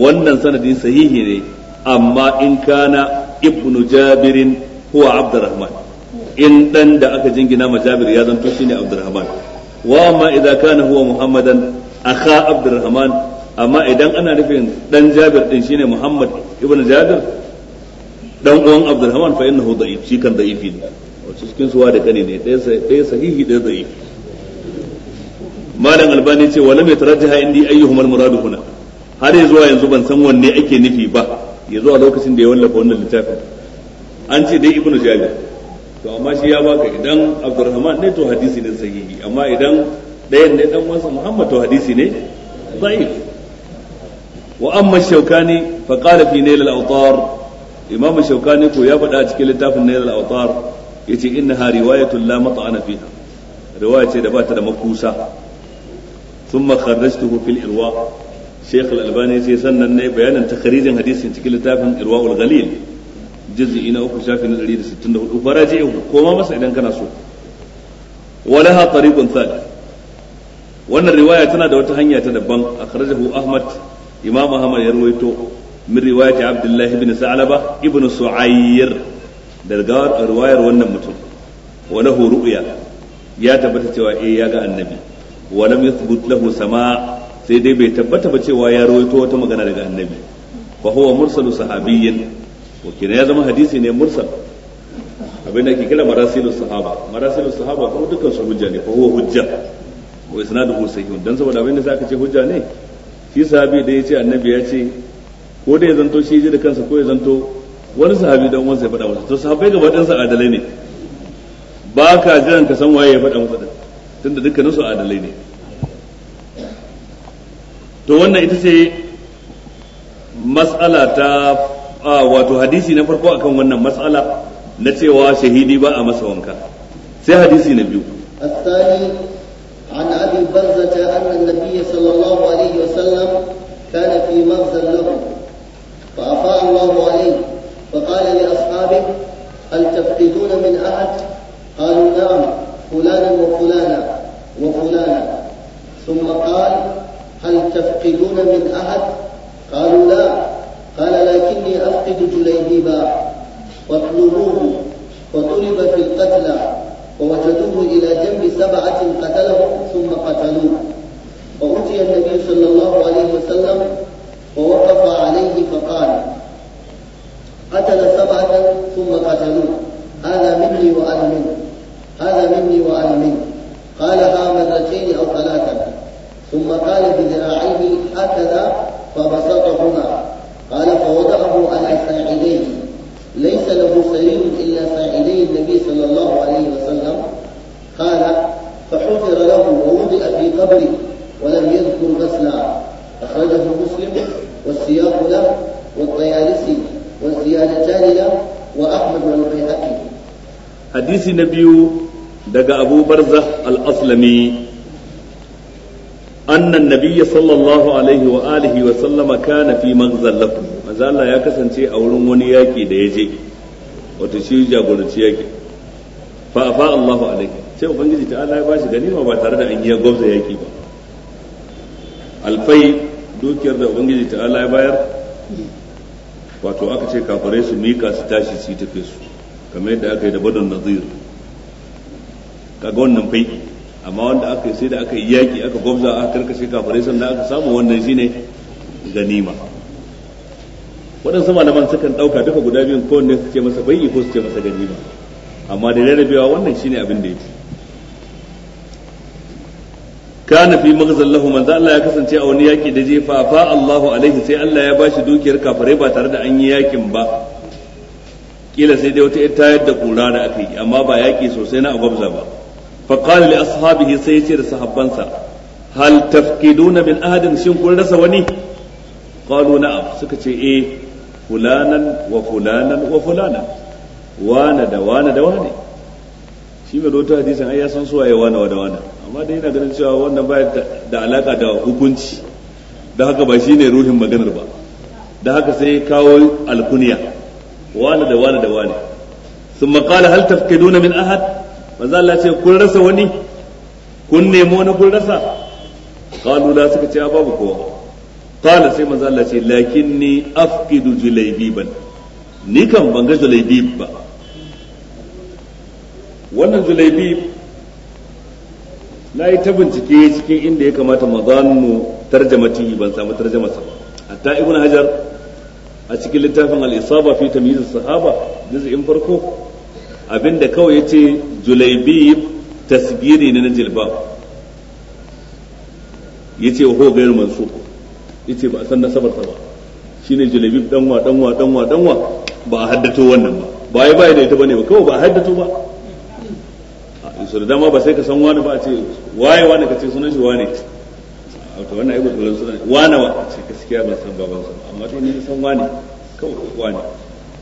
wannan sanadin sahihi ne amma in kana ibnu jabirin huwa abdurrahman in dan da aka jingina ma jabir ya zanto shine abdurrahman wa ma idza kana huwa muhammadan akha abdurrahman amma idan ana nufin dan jabir din shine muhammad ibnu jabir dan uwan abdurrahman fa innahu da'if shi kan da'ifi ne wato cikin suwa da kane ne ɗaya sahihi ɗaya da'ifi malam albani ce wala mai tarajjaha indi ayyuhum almuradu huna har ya zuwa yanzu ban san wanne ake nufi ba ya zuwa lokacin da ya wallafa wannan littafin an ce dai ibnu to amma shi ya baka idan abdurrahman ne to hadisi ne sahihi amma idan ɗayan ne dan wasa muhammad to hadisi ne da'if wa amma shaukani fa qala fi nail al-awtar imam shaukani ko ya faɗa a cikin littafin nail al-awtar yace innaha riwayatun la mat'ana fiha riwaya ce da ba ta da makusa thumma kharrajtuhu fil irwa shaykh al-albani sai sannan ne bayanin takharijin hadisin cikin littafin irwaul ghalil juz'i na uku shafi na 164 faraji'u koma masa idan kana so walaha tariqun thalith wannan riwaya tana da wata hanya ta daban akhrajahu ahmad imam ahmad ya rawaito min riwayati abdullah ibn sa'laba ibn su'ayr daga riwayar wannan mutum walahu ru'ya ya tabbata cewa eh ga annabi wa lam yathbut lahu sai dai bai tabbata ba cewa ya rawaito wata magana daga annabi fa mursalu sahabiyyin wakil ya zama hadisi ne mursal abin da ke kira marasilus sahaba marasilus sahaba ko dukkan su hujja ne fa huwa hujja wa isnaduhu sahih dan saboda abin da za ce hujja ne shi sahabi da yace annabi ya ce ko da ya zanto shi ji da kansa ko ya zanto wani sahabi dan uwansa ya fada masa to sahabbai gaba ɗansa adalai ne ba ka jiran ka san waye ya fada masa din tunda dukkanin su adalai ne to wannan ita ce mas'ala ta wato hadisi na farko akan wannan matsala na cewa shahidi ba a masa wanka sai hadisi na biyu الثاني عن أبي برزة أن النبي صلى الله عليه وسلم كان في مغزى na biyu daga Abu al-Aslami annan nabiyya sallallahu alaihi wa alihi wa sallama kana fi ya kasance a wurin wani yaƙi da je wato shi jagoranci yaki fa Allahu alaihi sai ubangiji ta Allah ya shi ganima ba tare da an yi gwabza yaki ba alfai dukiyar da ubangiji ta Allah ya bayar wato aka ce kafare su mika su tashi su tafi su kamar yadda aka yi da badon nazir kaga wannan fai amma wanda aka sai da aka yi yaki aka gwabza aka karkashe kafirai sannan aka samu wannan shine ganima waɗansu malaman sukan ɗauka duka guda biyun ko wanne su ce masa bai ko su ce masa ganima amma da rarrabewa wannan shine abin da yake kana fi maghzal lahu manzo Allah ya kasance a wani yaki da jefa fa Allahu alaihi sai Allah ya bashi dukiyar kafirai ba tare da an yi yakin ba kila sai dai wata ita yadda kura da aka yi amma ba yaki sosai na agwabza ba فقال لأصحابه سيتير صحبانسا هل تفقدون من أحد شن كل رسا وني قالوا نعم سكتي إيه فلانا وفلانا وفلانا وانا دا وانا دا وانا shi mai rota hadisin ai ya san suwaye wana wa da wana amma dai yana ganin cewa wannan baya da alaka da hukunci da haka ba shi ne ruhin maganar ba da haka sai kawo alkuniya wana da wana da wana hal min ahad manzo Allah ce kun rasa wani kun nemo wani kun rasa qalu la suka ce babu kowa qala sai manzo Allah ce lakinni afqidu julaybiban ni kan ban ga julaybib ba wannan julaybib na yi ta bincike cikin inda ya kamata mazannu tarjamati ban samu tarjama sa. hatta ibn hajar a cikin littafin al-isaba fi tamyiz as-sahaba juz'in farko abinda kawai ya ce julaibi tasgiri ne na jilbab ya ce ho gairu mansu ya ce ba a san nasabar ba shi ne julaibi danwa danwa danwa danwa ba a haddato wannan ba ba ya bai da ita ne ba kawai ba a haddato ba isa da dama ba sai ka san wani ba a ce waye wani ka ce sunan shi wane a to wannan ai ba sunan wane wa a ce gaskiya ba san babansa amma dai ne san wane kawai wane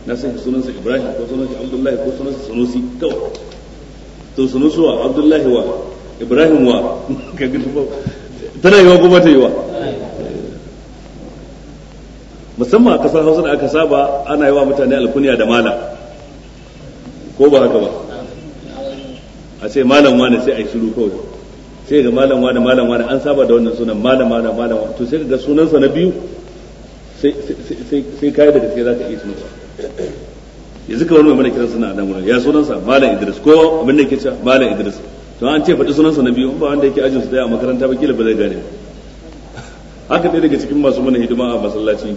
na san sunansa ibrahim ko sunansa abdullahi ko sunansa sunusi kawai to sanusi wa abdullahi wa ibrahim wa kaga tana yiwa ko ba ta yiwa musamman a kasar hausa da aka saba ana yi wa mutane alkunya da mala ko ba haka ba a ce malam wane sai a yi shiru kawai sai ga malam wane malam wane an saba da wannan sunan malam wani malam wani to sai ga sunansa na biyu sai kai da gaske za ka iya sunansa yanzu kamar mai mana kiran suna nan wurin ya sunansa malam idris ko abin da yake cewa malam idris to an ce faɗi sunansa na biyu ba wanda yake ajin su daya a makaranta ba kila ba zai gane haka ɗaya daga cikin masu mana hidima a masallaci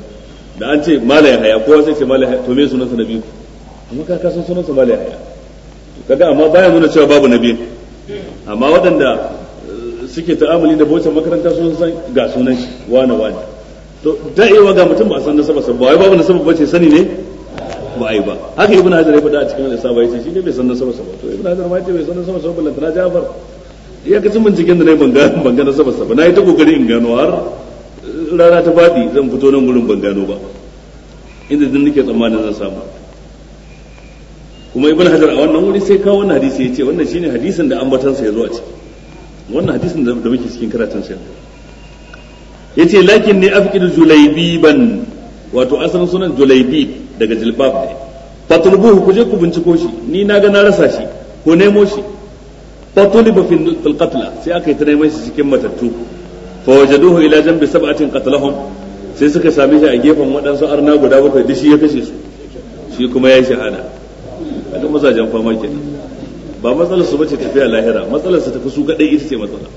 da an ce malam haya ko sai ce malam haya to me sunansa na biyu amma ka kasan sunansa malam haya kaga amma baya nuna cewa babu na biyu amma waɗanda eh, suke ta'amali da bocin makaranta sun san ga sunan shi wane wane to da'ewa ga mutum ba a san nasaba ba wai babu nasaba ba ce sani ne ba ai ba haka ibn hajar ya fada a cikin al-isaba yace shi ne bai san sama sama to ibn hajar ma yace bai san sama sama balanta na tana jafar iya kacin binciken da nayi ban ga ban ga sama sa na nayi ta kokari in gano har eh, rana ta faɗi zan fito nan gurin ban gano ba inda din nake tsammanin zan samu kuma ibn hajar a wannan wuri sai kawo wannan hadisi yace wannan shine hadisin da ambatan sa zo a ciki wannan hadisin da muke cikin karatun sai yace lakin ne afqidu julaybiban wato asalin sunan julaibi daga jilbab ne fatulbuhu ku je ku binciko shi ni na ga na rasa shi ko nemo shi fatuliba fil qatla sai aka yi ta neman shi cikin matattu fa wajaduhu ila janbi sab'atin qatlahum sai suka same shi a gefen waɗansu arna guda bakwai da shi ya kashe su shi kuma ya yi shahada duk mazajen fama kenan ba matsalar su bace tafiya lahira matsalar su tafi su kadai ita ce matsala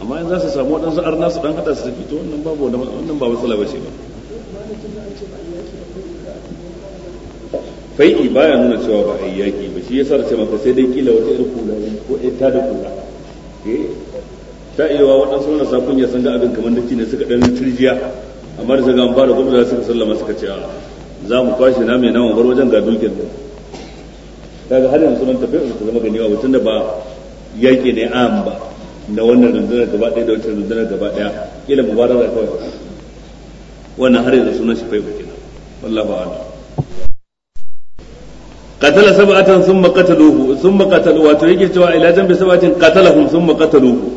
amma yanzu za su samu waɗansu arna su dan hada su tafi to wannan babu wannan ba matsala ce ba bai'i baya nuna cewa ba a yi yaƙi ba shi yasa da ce maka sai dai kila wata irin kula ne ko ɗaya ta da kula eh, ta iya wa waɗansu wani sakun ya san da abin kamar da ne suka ɗan turjiya amma da zaga ba da gudu za su sallama suka ce a za mu kwashe na mai naman bar wajen ga dulkin kaga har yanzu nan tafiya su zama ganewa ba tunda ba yaƙi ne am ba na wannan rundunar gaba ɗaya da wancan rundunar gaba ɗaya kila mubarara kawai wannan har yanzu sunan shi ba kenan wallahu a'lam qatala sab'atan thumma qataluhu thumma qatalu wato yake cewa ila jambi sab'atin qatalahum thumma qataluhu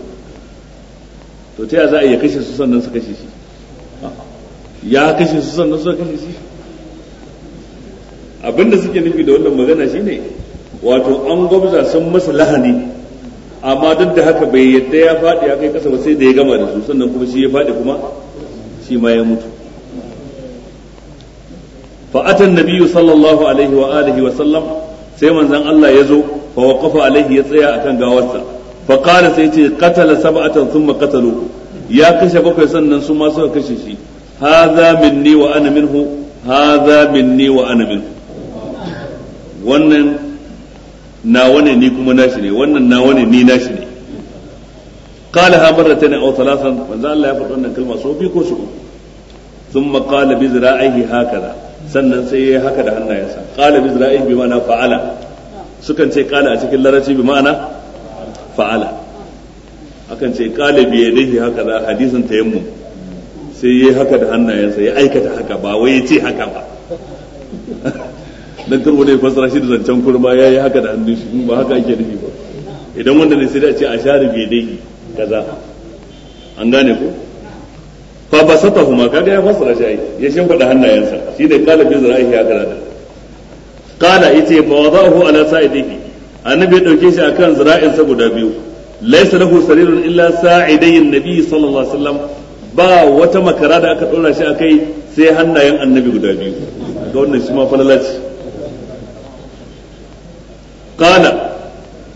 to ta za a iya kashe su sannan su kashe shi ya kashe su sannan su kashe shi abinda suke nufi da wannan magana shine wato an gwabza sun masa lahani amma duk da haka bai yadda ya fadi ya kai kasa ba sai da ya gama da su sannan kuma shi ya faɗi kuma shi ma ya mutu fa atan nabiyyu sallallahu alaihi wa wa sallam sai manzon Allah ya zo fa waqafa alaihi ya tsaya akan gawarsa fa qala sai ce qatala sab'atan thumma qatalu ya kashe bakwai sannan su ma suka kashe shi hadha minni wa ana minhu hadha minni wa wannan nawa ne ni kuma nashi ne wannan nawa ne ni nashi ne Allah ya faɗi wannan hakaza sannan sai ya haka da hannayensa qala bi bi ma'ana fa'ala sukan ce qala a cikin larabci bi ma'ana fa'ala akan ce qala bi yadihi haka da hadisin tayammum sai ya haka da hannayensa ya aikata haka ba wai ya ce haka ba dan karbo ne fasara shi da zancen kurma ya yi haka da hannun shi ba haka ake nufi ba idan wanda ne sai da ce a share bi kaza an gane ko fa basatahuma kaga ya fasara shi ai ya shimfida hannayensa shi da kala bi zara'ihi haka da kala yace fa wadahu ala sa'idihi annabi ya dauke shi akan zira'insa guda biyu laysa lahu sarirun illa sa'idayn nabi sallallahu alaihi wasallam ba wata makara da aka dora shi akai sai hannayen annabi guda biyu ga wannan shi ma falalaci kala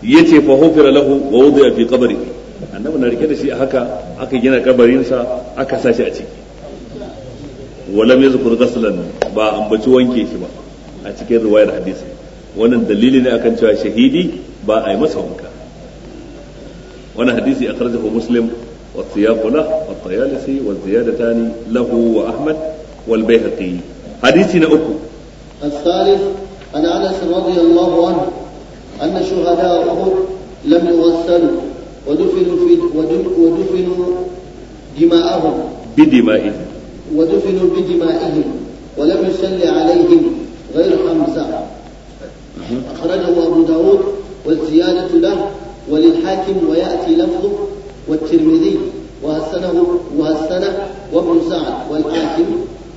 yace fa hufira lahu wa wudiya fi qabrihi annabi na rike da shi haka aka gina kabarinsa aka sa shi a ciki walam yazkur ghaslan ba an bace wanke shi ba a cikin riwayar hadisi wannan dalili ne akan cewa shahidi ba a yi masa wanka wannan hadisi a akhrajahu muslim wa siyaqu la wa tayalisi wa ziyadatani lahu wa ahmad wal bayhaqi hadisi na uku الثالث عن انس رضي الله عنه ان شهداء احد لم يغسلوا ودفنوا في ودفنوا دماءهم بدمائهم ودفنوا بدمائهم ولم يصلي عليهم غير حمزة أخرجه أبو داود والزيادة له وللحاكم ويأتي لفظه والترمذي وهسنه وهسنه وابن سعد والحاكم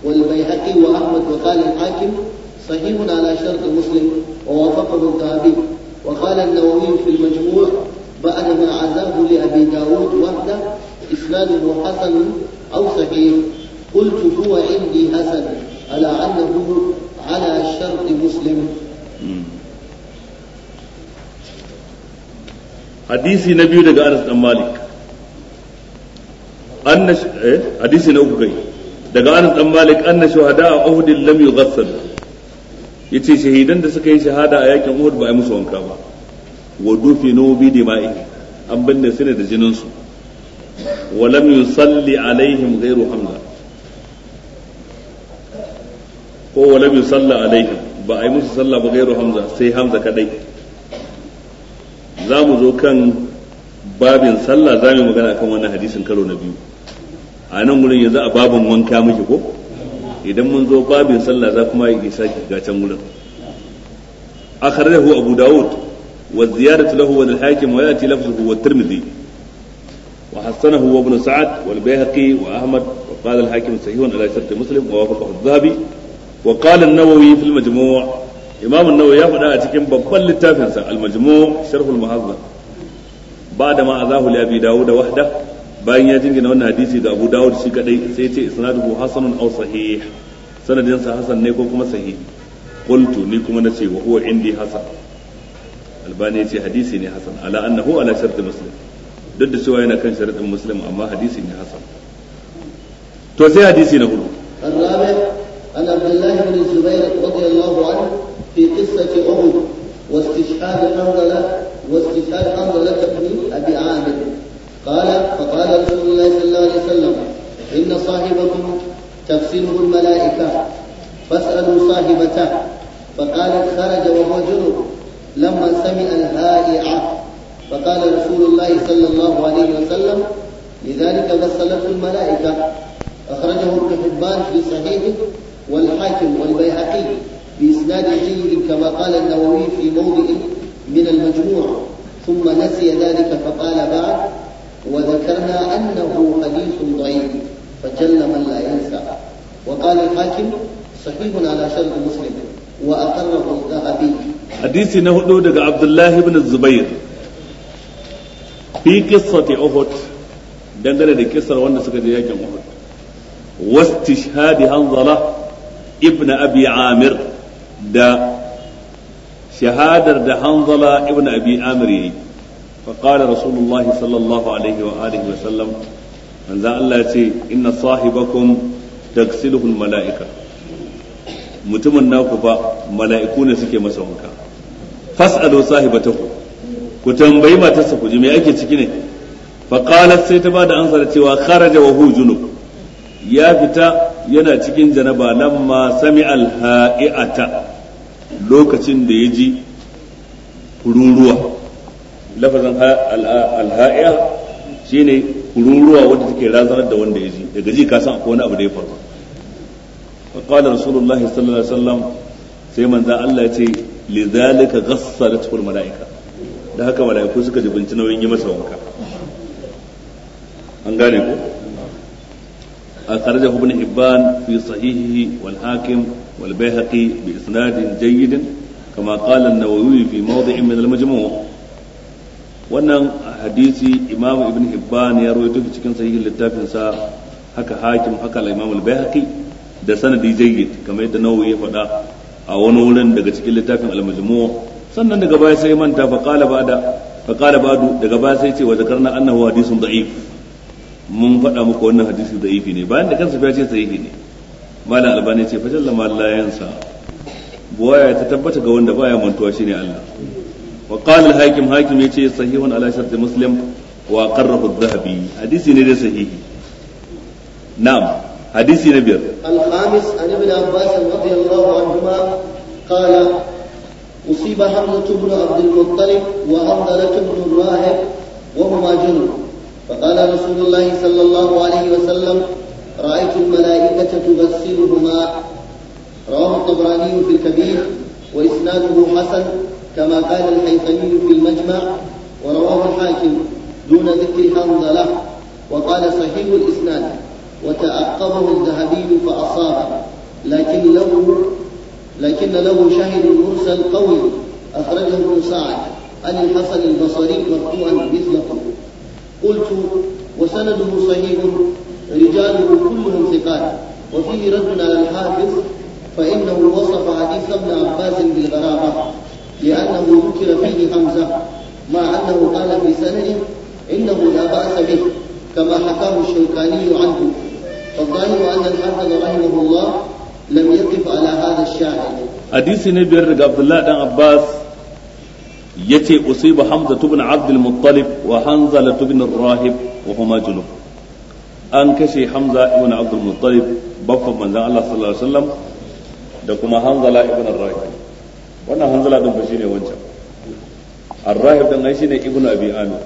والبيهقي وأحمد وقال الحاكم صحيح على شرط مسلم ووافقه الذهبي وقال النووي في المجموع بعدما عزاه لأبي داود وحده إسناد حسن أو صحيح قلت هو عندي حسن على أنه على شرط مسلم hadisi نبي لك daga Anas مالك Malik anna eh hadisi na uku kai daga Anas dan Malik anna shuhada a Uhud lam yughassal yace shahidan da suka yi shahada a yakin Uhud ba a musu wanka ba wa dufinu bi dima'i an binne su ne da jinin su wa lam yusalli alaihim gairu hamza ko wa lam yusalla alaihim ba a yi musu salla ba gairu hamza sai hamza kadai za mu zo kan babin salla za mu magana kan wannan hadisin karo na biyu a nan gurin yanzu a babin wanka miki ko idan mun zo babin salla za kuma yi isa ga can gurin akhrajahu abu daud. والزيادة له وللحاكم ويأتي لفظه والترمذي وحسنه وابن سعد والبيهقي وأحمد وقال الحاكم صحيح على شرط مسلم ووافقه الذهبي وقال النووي في المجموع إمام النووي يفعل أتكم بقل التافنسة المجموع شرف المحظة بعد ما أذاه لأبي داود وحده bayan ya jingina wannan hadisi ga Abu Dawud shi kadai sai ya ce isnaduhu hasanun aw sahih sanadinsa hasan ne ko kuma sahih qultu ni kuma nace wa huwa indi hasan albani ya ce hadisi ne hasan ala annahu ala shartu muslim duk da cewa yana kan sharadin muslim amma hadisi ne hasan to sai hadisi na hudu الرابع عن عبد الله بن الزبير رضي الله عنه في قصة أحد واستشهاد حنظلة واستشهاد حنظلة بن أبي عامر قال فقال رسول الله صلى الله عليه وسلم إن صاحبكم تفسره الملائكة فاسألوا صاحبته فقالت خرج وهو جنوب لما سمع الهائعة فقال رسول الله صلى الله عليه وسلم لذلك غسلته الملائكة أخرجه ابن حبان في صحيحه والحاكم والبيهقي بإسناد جيد كما قال النووي في موضع من المجموع ثم نسي ذلك فقال بعد وذكرنا أنه حديث ضعيف فجل من لا ينسى وقال الحاكم صحيح على شرط مسلم وأقره الذهبي hadisi na hudu daga abdullahi ibn zubair fi qissati uhud dangane da kissar wanda suka je yakin uhud wastishhadi hanzala ibn abi da shahadar da hanzala ibn abi amir yayi فقال رسول الله صلى الله عليه وآله وسلم من ذا الله إن صاحبكم تغسله الملائكة mutumin naku fa mala'iku ne suke masa wanka fas'alu sahibatakum ku tambayi matarsa ku ji me ake ciki ne fa qalat sai ta bada ansa da cewa kharaja wa hu junub ya fita yana cikin janaba ma sami ha'iata lokacin da ya ji kururuwa lafazin alha'i'a shine kururuwa wanda take razanar da wanda ya ji daga ji ka san akwai wani abu da ya faru fa qala rasulullahi sallallahu alaihi wasallam sai manzo Allah ya ce lidhalika ghassalat al malaika da haka malaiku suka jibinci nauyin yi masa wanka an gane ko akhrajahu ibn hibban fi sahihihi wal hakim wal bayhaqi bi isnadin jayyid kama qala an-nawawi fi mawdi'in min al-majmu' wannan hadisi imam ibn hibban ya rawaito cikin sahihin littafin sa haka hakim haka al-imam al-bayhaqi da sanadi jayyid kamar yadda nawawi ya faɗa a wani wurin daga cikin littafin al-majmu' sannan daga baya sai manta fa qala ba'da fa qala ba'du daga baya sai ce wa zakarna annahu hadithun da'if mun faɗa muku wannan hadisi da'ifi ne bayan da kansa ya ce sahihi ne malam albani ce fa jalla ma la yansa buwaya ta tabbata ga wanda baya mantuwa shine Allah wa qala al-hakim hakim yace sahihun ala shart muslim wa qarrahu adh-dhahabi hadisi ne da sahihi na'am حديث نبير الخامس عن ابن عباس رضي الله عنهما قال أصيب حملة بن عبد المطلب وحمزة بن الراهب وهما جن فقال رسول الله صلى الله عليه وسلم رأيت الملائكة تغسلهما رواه الطبراني في الكبير وإسناده حسن كما قال الحيثمي في المجمع ورواه الحاكم دون ذكر حمزة له وقال صحيح الإسناد وتعقبه الذهبي فأصابه لكن له لكن له شهد مرسل قوي أخرجه ابن سعد عن الحسن البصري مرفوعا مثله قلت وسنده صحيح رجاله كلهم ثقات وفيه رد على الحافظ فإنه وصف حديث ابن عباس بالغرابة لأنه ذكر فيه حمزة مع أنه قال في سنده إنه لا بأس به كما حكاه الشوكاني عنه فالظاهر أن الحافظ رحمه الله لم يقف على هذا الشاهد حديث نبي عبد الله بن عباس yace usiba hamza ibn abd al wa hanzala ibn rahib wa huma junub an kashe hamza ibn abd al-muttalib babban Allah sallallahu alaihi wasallam da kuma hanzala ibn rahib wannan hanzala din ba shine wancan ar-rahib din shine ibn abi amir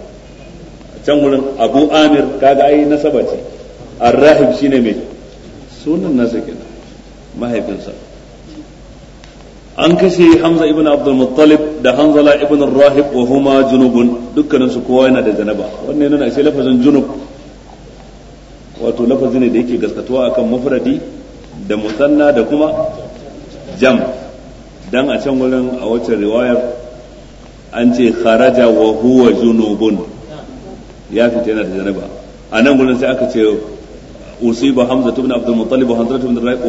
can wurin abu amir kaga ai nasaba arrahib shine mai sunan nasa kenan mahaifinsa an kashe hamza ibn abdul muttalib da hanzala ibn rahib wa huma junubun dukkanin su kowa yana da janaba wannan yana sai lafazin junub wato lafazi ne da yake gaskatuwa akan mufradi da musanna da kuma jam dan a can wurin a wacce riwayar an ce kharaja wa huwa junubun ya fita yana da janaba a nan gurin sai aka ce usiba hamza ibn abdul muttalib wa hazrat ibn rabi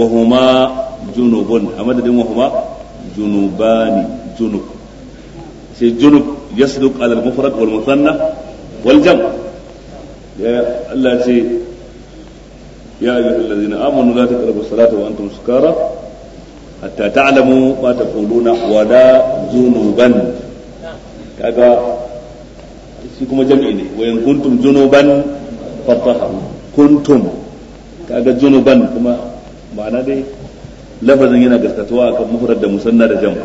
sai junub yasduq ala al mufrad wal muthanna wal jam ya kaga junuban kuma ma'ana dai lafazin yana gaskatuwa akan mufrad da musanna da jama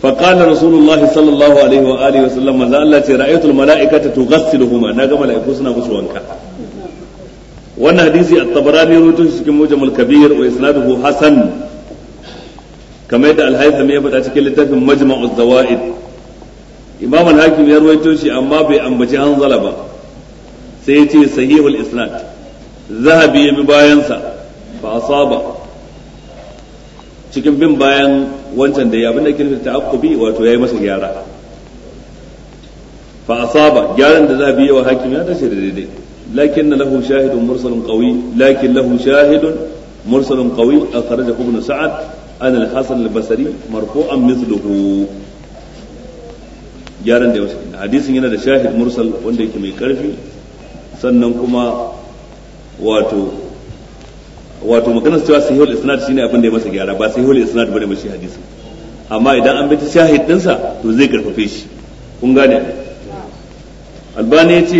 فقال رسول الله صلى الله عليه واله وسلم ما الله ce ra'aytul malaikata tughsiluhuma naga malaiku suna musu wanka wannan hadisi at-tabarani shi cikin mujamul kabir wa isnaduhu hasan kamar yadda al-haythami ya faɗa littafin majma'u zawaid imam al-hakim ya shi amma bai ambaci hanzala ba sai ya ce sahihul isnad zahabi ya bi bayansa fa asaba cikin bin bayan wancan da ya abin da kirfi akubi wato ya yi masa gyara fa asaba gyaran da zahabi ya wa hakim ya tashi da daidai lakin na lahu shahidun mursalun qawi lakin lahu shahidun mursalun qawi akhrajahu ibn sa'ad an al-hasan al-basri marfu'an mithluhu gyaran da ya wasu hadisin yana da shahid mursal wanda yake mai karfi sannan kuma wato wato maganar cewa sahihul isnad shine abin da ya masa gyara ba sahihul isnad bane mashi hadisi amma idan an bi shahid dinsa to zai karfafe shi kun gane albani yace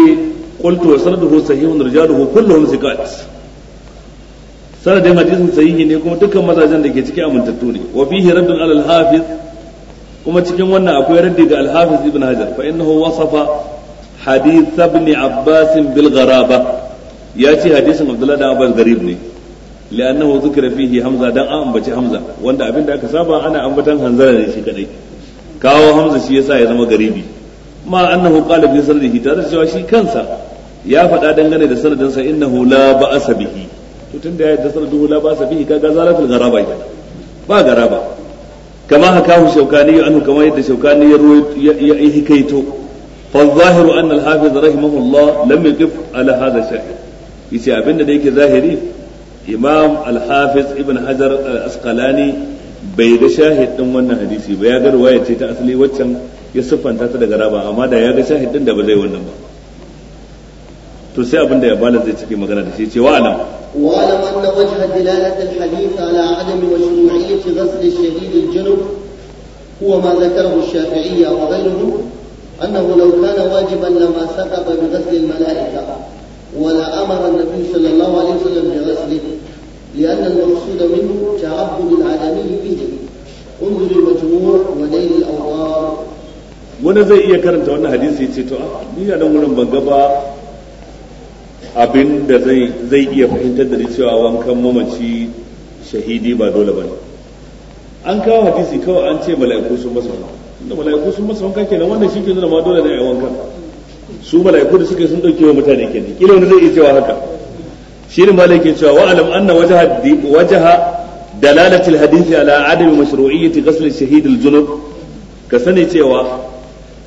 qultu wa sanaduhu sahihun rijaluhu kulluhum thiqat sanadin hadisin sahihi ne kuma dukkan mazajen da ke cikin amintattu ne wa fihi raddun ala al-hafiz kuma cikin wannan akwai raddi ga al-hafiz ibn hajar fa innahu wasafa hadith ibn abbas bil ya ce hadisin abdullah da abbas garib ne li'annahu zikra fihi hamza dan an ambaci hamza wanda abin da aka saba ana ambatan hanzara ne shi kadai kawo hamza shi yasa ya zama garibi ma annahu qala fi sanadihi tare da cewa shi kansa ya faɗa dangane da sanadin sa innahu la ba'asa bihi to tunda ya yadda sanaduhu la ba'asa bihi kaga zalatul gharaba ba garaba kama hakahu shaukani anhu kama yadda shaukani ya فالظاهر أن الحافظ رحمه الله لم يقف على هذا الشأن يسي أبن ديك ظاهري إمام الحافظ ابن حجر الأسقلاني bai ga shahid din wannan hadisi ba ya ga ruwaya ce ta asali waccan ya siffanta ta daga raba amma da ya ga shahid din da ba zai wannan ba to sai ya bala zai cike magana da shi ce wa alam wa alam anna wajha dilalat al ala adami mashru'iyyati ghusl al shadid al junub huwa ma dhakarahu al shafi'iyya wa ghayruhu أنه لو كان واجبا لما سقط بغسل الملائكة ولا أمر النبي صلى الله عليه وسلم بغسله لأن المقصود منه تعبد العالمي به انظر المجموع وليل الأوضار wani zai iya karanta wannan hadisi ce to ni a nan wurin banga ba abin da zai iya fahimtar da ni cewa wankan mamaci shahidi ba dole ba ne an kawo hadisi kawai an ce mala'iku sun masa inda mala'iku sun masa wanka kenan wannan shi ke nuna ma dole ne a wanka su mala'iku da suke sun dauke wa mutane kenan kila wani zai iya cewa haka shi ne malai ke cewa wa'alam anna wajaha wajaha dalalatil hadisi ala adami mashru'iyyati ghusl ash-shahid al-junub ka sani cewa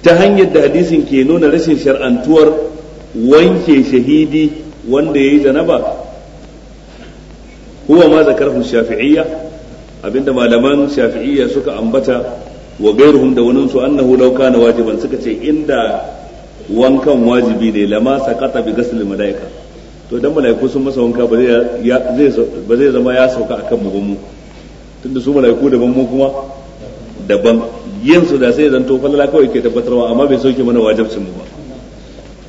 ta hanyar da hadisin ke nuna rashin shar'antuwar wanke shahidi wanda yayi janaba huwa ma zakarhu shafi'iyya abinda malaman shafi'iyya suka ambata wa gairuhum da wani su annahu law kana wajiban suka ce inda wankan wajibi ne lama sakata bi ghusl malaika to dan malaiku sun masa wanka ba zai ba zai zama ya sauka akan mu mu tunda su malaiku daban mu kuma daban yin su da sai zan to falala kawai ke tabbatarwa amma bai sauke mana wajibcin mu ba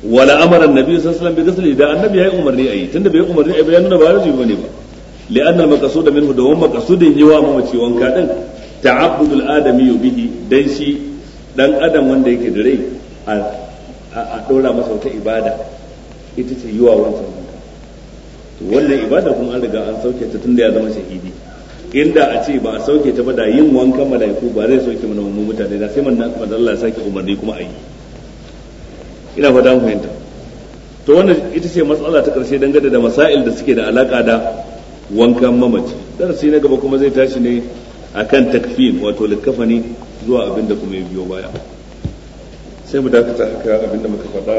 wala amara annabi sallallahu alaihi wasallam bi da annabi yayi umarni ayi tunda bai umarni ayi bayan nuna ba wajibi bane ba li'anna al-maqsud minhu da wannan maqsudin yi wa ci wanka din ta'abbudul adami bihi dan shi dan adam wanda yake da rai a dora masa wata ibada ita ce yiwa wancan to wannan ibada kuma an riga an sauke ta tunda ya zama shahidi inda a ce ba a sauke ta ba da yin wankan malaiku ba zai sauke mana mu mutane da sai manzon Allah ya sake umarni kuma a yi ina fata mu fahimta to wannan ita ce matsala ta karshe dangane da masail da suke da alaka da wankan mamaci darasi na gaba kuma zai tashi ne akan takfin wato likafani zuwa abin kuma ya biyo baya sai mu dakata haka abin da muka faɗa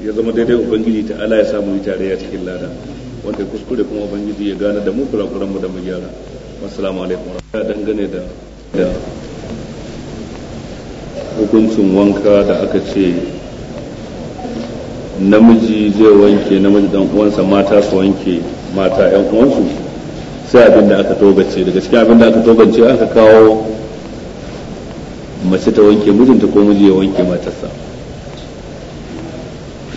ya zama daidai ubangiji ta ala ya samu tarayya cikin lada wanda ya kuskure kuma ubangiji ya gane da mu kurakuran mu da mu gyara assalamu alaikum ya dangane da da hukuncin wanka da aka ce namiji zai wanke namiji dan uwansa mata su wanke mata yan uwansu sai abin da aka tobace daga cikin abin da aka tobace aka kawo mace ta wanke mijinta ko miji ya wanke matarsa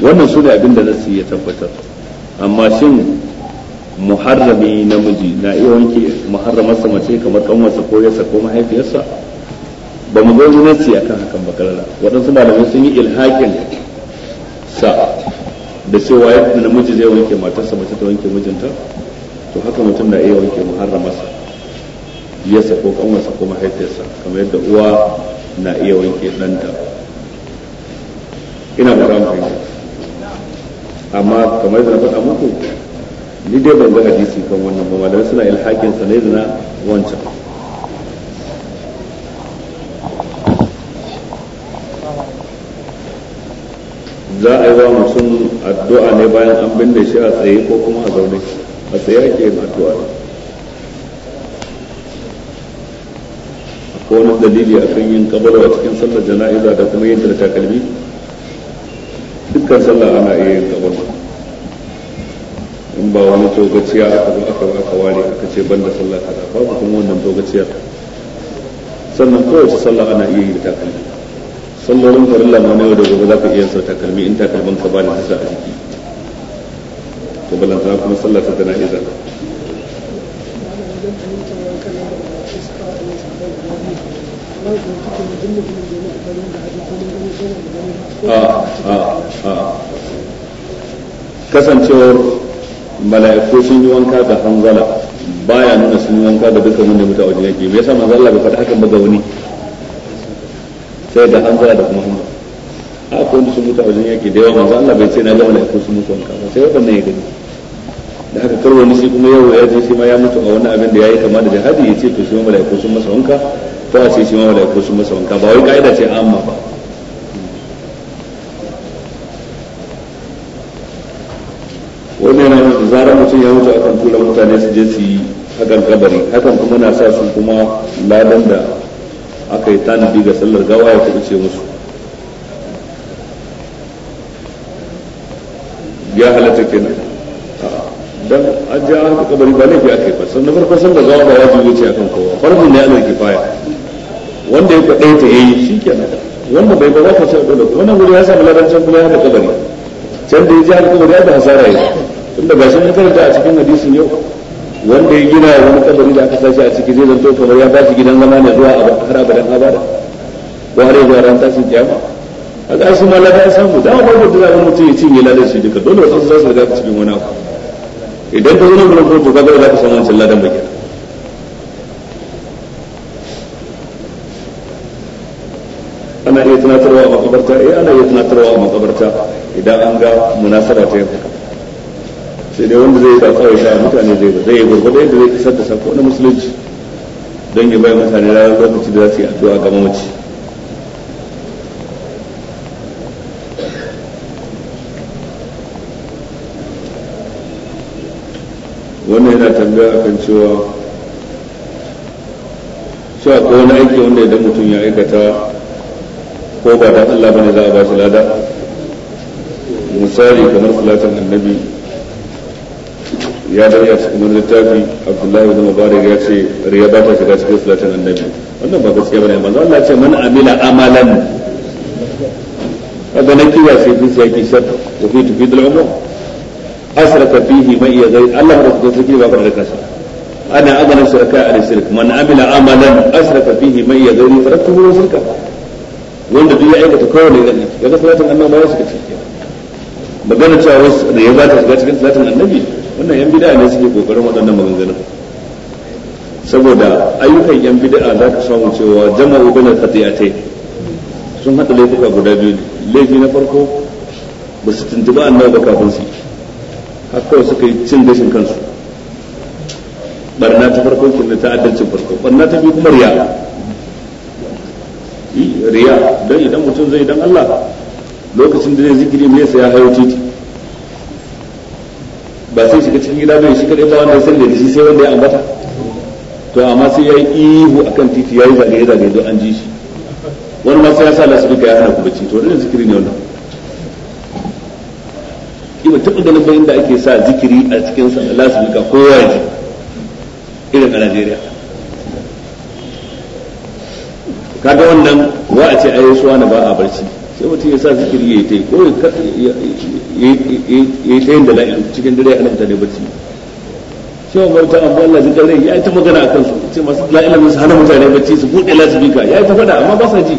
wannan su ne abin da nasu ya tabbatar amma shin muharrami namiji na iya wanke muharramarsa mace kamar kanwarsa ko yasa ko mahaifiyarsa ba mu gani nasi kan hakan ba waɗansu malamai sun yi ilhakin sa da cewa yadda namiji zai wanke matarsa mace ta wanke mijinta to haka mutum na iya wanke muharramarsa ya ko kanwarsa ko mahaifiyarsa kamar yadda uwa na iya wanke ɗanta ina ba ran fahimta amma kamar yadda na faɗa muku ni dai ban ga hadisi kan wannan ba malamai suna ilhakin sa ne zina wancan za a yi wa mutum addu'a ne bayan an binne shi a tsaye ko kuma a zaune a tsaye ke yin addu'a akwai wani dalili akan yin kabarwa cikin sallar jana'iza da kuma yin takalmi dukkan sallah ana iya yin kabarwa in ba wani togaciya aka zo aka aka ware aka ce ban da sallah kaza babu kuma wannan togaciyar sannan kowace sallah ana iya yin takalmi sallolin farilla ma na yau da gobe za ka iya yin takalmi in takalmin ka ba da hasa a jiki to balanta kuma sallah ta jana'iza ah, ah, ah. kasancewar mala'iku sun yi wanka da hanzala baya nuna sun yi wanka da dukkan wanda mutu a wajen yake me yasa manzo Allah bai hakan ba ga wani sai da hanzala da kuma hanzala a ko wanda sun mutu a wajen yaki da yawa masu Allah bai sai na ga ko sun mutu wanka sai na ya gani da haka karwa ni shi kuma yau ya je shi ma ya mutu a wani abin da yi kama da jihadi ya ce to shi ma malaiku sun masa wanka ko a ce shi ma ko sun masa wanka ba wai kaida ce amma ba wannan yana nuna zarar mutum ya mutu akan tura mutane su je su yi hakan kabari hakan kuma na sa su kuma ladan da aka yi tanadi ga sallar gawa ya kuɓuce musu ya halatta kenan dan an ja an kabari ba laifi akai ba sannan farko san da zawa ba wajibi ce akan kowa farkon ne ana kifaya wanda ya kwaɗe ta yayi shikenan wanda bai ba za ka sai dole wani wuri ya samu can kuma ya da kabari can da ya ji kabari ya da hasara yi tunda ga shi mun karanta a cikin hadisin yau wanda ya gina wani kabari da aka sashi a ciki zai zanto kamar ya ba shi gidan zama ne zuwa har abadan abada ko har yanzu a ran tashin kiyama a ga su ma ladan samu da ba da zaka mutum ya cinye ladan shi duka dole wasu za su riga cikin wani abu idan ka zo nan gurin to kaga za ka samu wancan ladan ba kenan ana iya tunatarwa a makabarta eh ana iya tunatarwa a makabarta idan an ga munasaba ta yau sai dai wanda zai yi kawai sha mutane zai ba zai yi gurgurda yadda zai isar da sako na musulunci don ya bai mutane ranar lokaci da za su yi addu'a ga mamaci tambaya akan cewa shi akwai wani aiki wanda idan mutum ya aikata ko ba dan Allah bane za a ba shi lada misali kamar salatin annabi ya a cikin wani littafi abdullahi bin mubarak ya ce riya ba ta shiga cikin salatin annabi wannan ba gaskiya bane manzo Allah ce mana amila amalan kaga na kiwa sai fi sai ki shar wa fi tufidul umur asraka fihi man iya gai Allah da kuka saki ba da kasa ana agana shirka a shirk man amila amalan asraka fihi man iya gai taraktu hu shirka wanda duk ya aikata kowane irin ya ga salatin annabi ba ya shiga ciki magana cewa wasu da ya zata shiga cikin salatin annabi wannan yan bid'a ne suke kokarin waɗannan maganganun saboda ayyukan yan bid'a za ka samu cewa jama'u bin khati'atai sun hada laifuka guda biyu laifi na farko ba su tuntuba annabi ba kafin su har kawai suka yi cin gashin kansu barna ta farko kin ta addancin farko barna ta biyu kuma riya riya dan idan mutum zai dan Allah lokacin da zai zikiri me sai ya hayo titi ba sai shiga cikin gida bai shi kadai ba wanda ya da shi sai wanda ya ambata to amma sai ya yi ihu akan titi ya yi zage don an ji shi wani ma sai ya sa duka ya hana ku bacci to wannan zikiri ne wannan iban taɓa ganin bayan da ake sa zikiri a cikin sa Allah su duka kowa ji irin a Najeriya kaga wannan wa a ce ayi suwa na ba a barci sai mutum ya sa zikiri ya yi ta yi ko ya yi ta yin da la'ilu cikin dare alamta ne barci shi wa mawuta amma Allah zai dare ya yi ta magana a kansu ce masu la'ilu su hana mutane barci su buɗe lasifika ya yi ta faɗa amma ba sa ji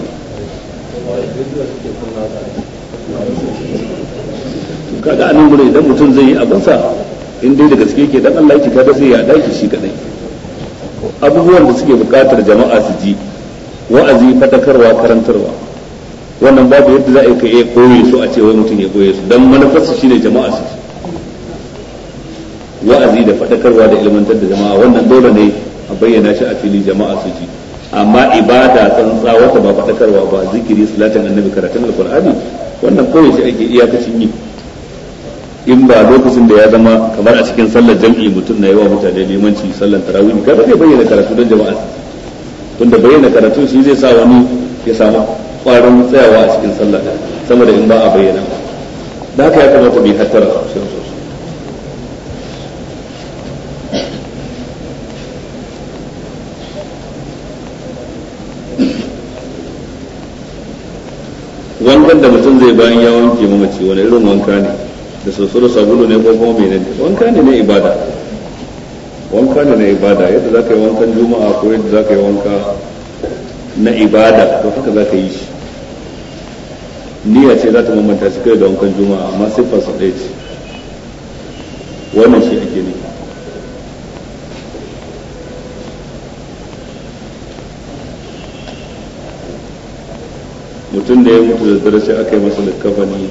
kaga anan gure idan mutum zai yi abinsa in dai da gaske ke dan Allah yake kaga sai ya daki shi kadai abubuwan da suke bukatar jama'a su ji wa'azi fadakarwa karantarwa wannan babu yadda za a yi ka iya koye su a ce wai mutum ya koye su dan manufarsa shine jama'a su wa'azi da fadakarwa da ilmantar da jama'a wannan dole ne a bayyana shi a fili jama'a su ji amma ibada tsantsa wata ba fadakarwa ba zikiri salatin annabi karatun alqur'ani wannan shi ake iyakacin yi in ba lokacin da ya zama kamar a cikin sallar jam'i mutum na yawa mutane neman ci sallar tarawih kada zai bayyana karatu don jama'a tunda bayyana karatu shi zai sa wani ya samu kwarin tsayawa a cikin sallar sama da in ba a bayyana da haka ya kamata mai hattara a cikin wankan da mutum zai bayan ya wanke mamaci wani irin wanka ne da da sabulu ne ko kuma menene wanka ne na ibada wanka ne na ibada yadda za ka yi wankan juma'a ko yadda za ka yi wanka na ibada to haka za ka yi shi niyya ce za ta mamanta shi kai da wankan juma'a amma siffar su ɗaya ce wannan shi ake ne mutum da ya mutu da darasi aka yi masa likkafani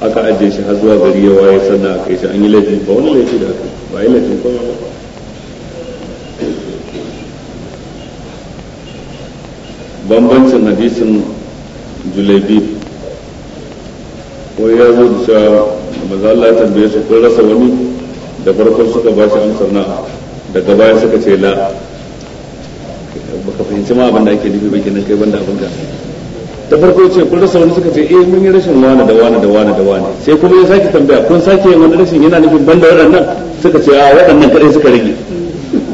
aka ajiye shi har zuwa gari ya waye sannan aka yi shi an yi laifi ba wani laifi da aka ba yi laifin ko ba bambancin hadisin julebi ko ya zo da cewa maza Allah ya tambaye su ko rasa wani da farkon suka ba shi amsar na daga baya suka ce la baka fahimci ma abin da ake nufi ba kenan kai banda abin da da farko ce kun rasa wani suka ce eh mun yi rashin wani da wani da wani da wani sai kuma ya sake tambaya kun sake yin wani rashin yana nufin banda waɗannan suka ce a waɗannan kadai suka rage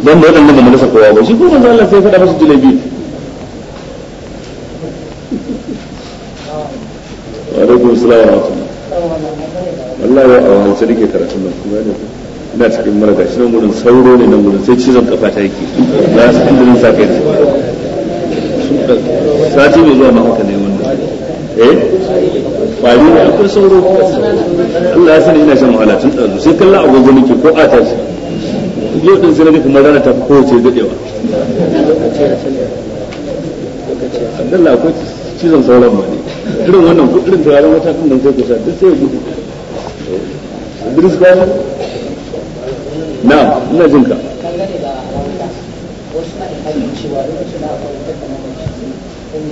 banda waɗannan da mu kowa ba shi kuma manzo Allah sai ya faɗa musu jalebi wa alaikum salam wa rahmatullah Allah ya awan sai nake karatun nan kuma ne ina cikin mara gashi nan gurin sauro ne nan gurin sai cizon kafa ta yake na san da nan sa sati mai zuwa maka ne wannan eh fari ne akwai sauro Allah ya sani ina shan wahala tun ɗazu sai kallon agogo nake ko a shi yau din sai na kuma rana ta kowace daɗewa Allah ko cizon sauran ma ne irin wannan irin turaren wata kan da sai ku sha duk sai ya gudu Idris ba na ina jinka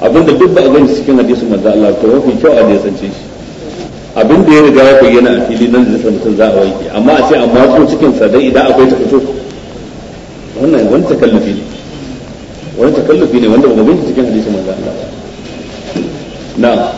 abinda duk ba a gani cikin hadisin manzo Allah to mafi kyau a nisance shi abin da ya riga ya bayyana a fili nan da mutum za a wanke amma a ce amma ko cikin sa dai idan akwai ta fito wannan wani takallufi ne wani takallufi ne wanda ba mu cikin hadisin manzo Allah na na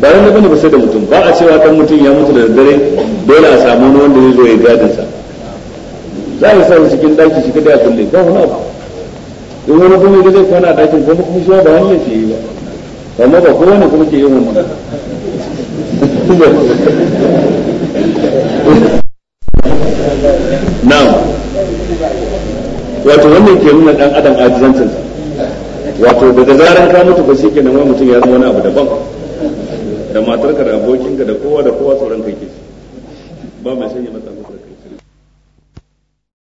ba wani bane ba sai da mutum ba a cewa kan mutum ya mutu da daddare dole a samu wani wanda zai zo ya gadin sa za a sa cikin daki shi kada ya kulle ba wani abu in wani kuma ya zai kwana a dakin kuma kuma shi ba wani ya yi ba amma ba ne kuma ke yin wani na'am wato wannan ke nuna dan adam ajizancin wato daga zaran ka mutu ba shi kenan wani mutum ya zama wani abu daban da matarka da abokinka da kowa da kowa tsoron kai ke ba mai sanya mata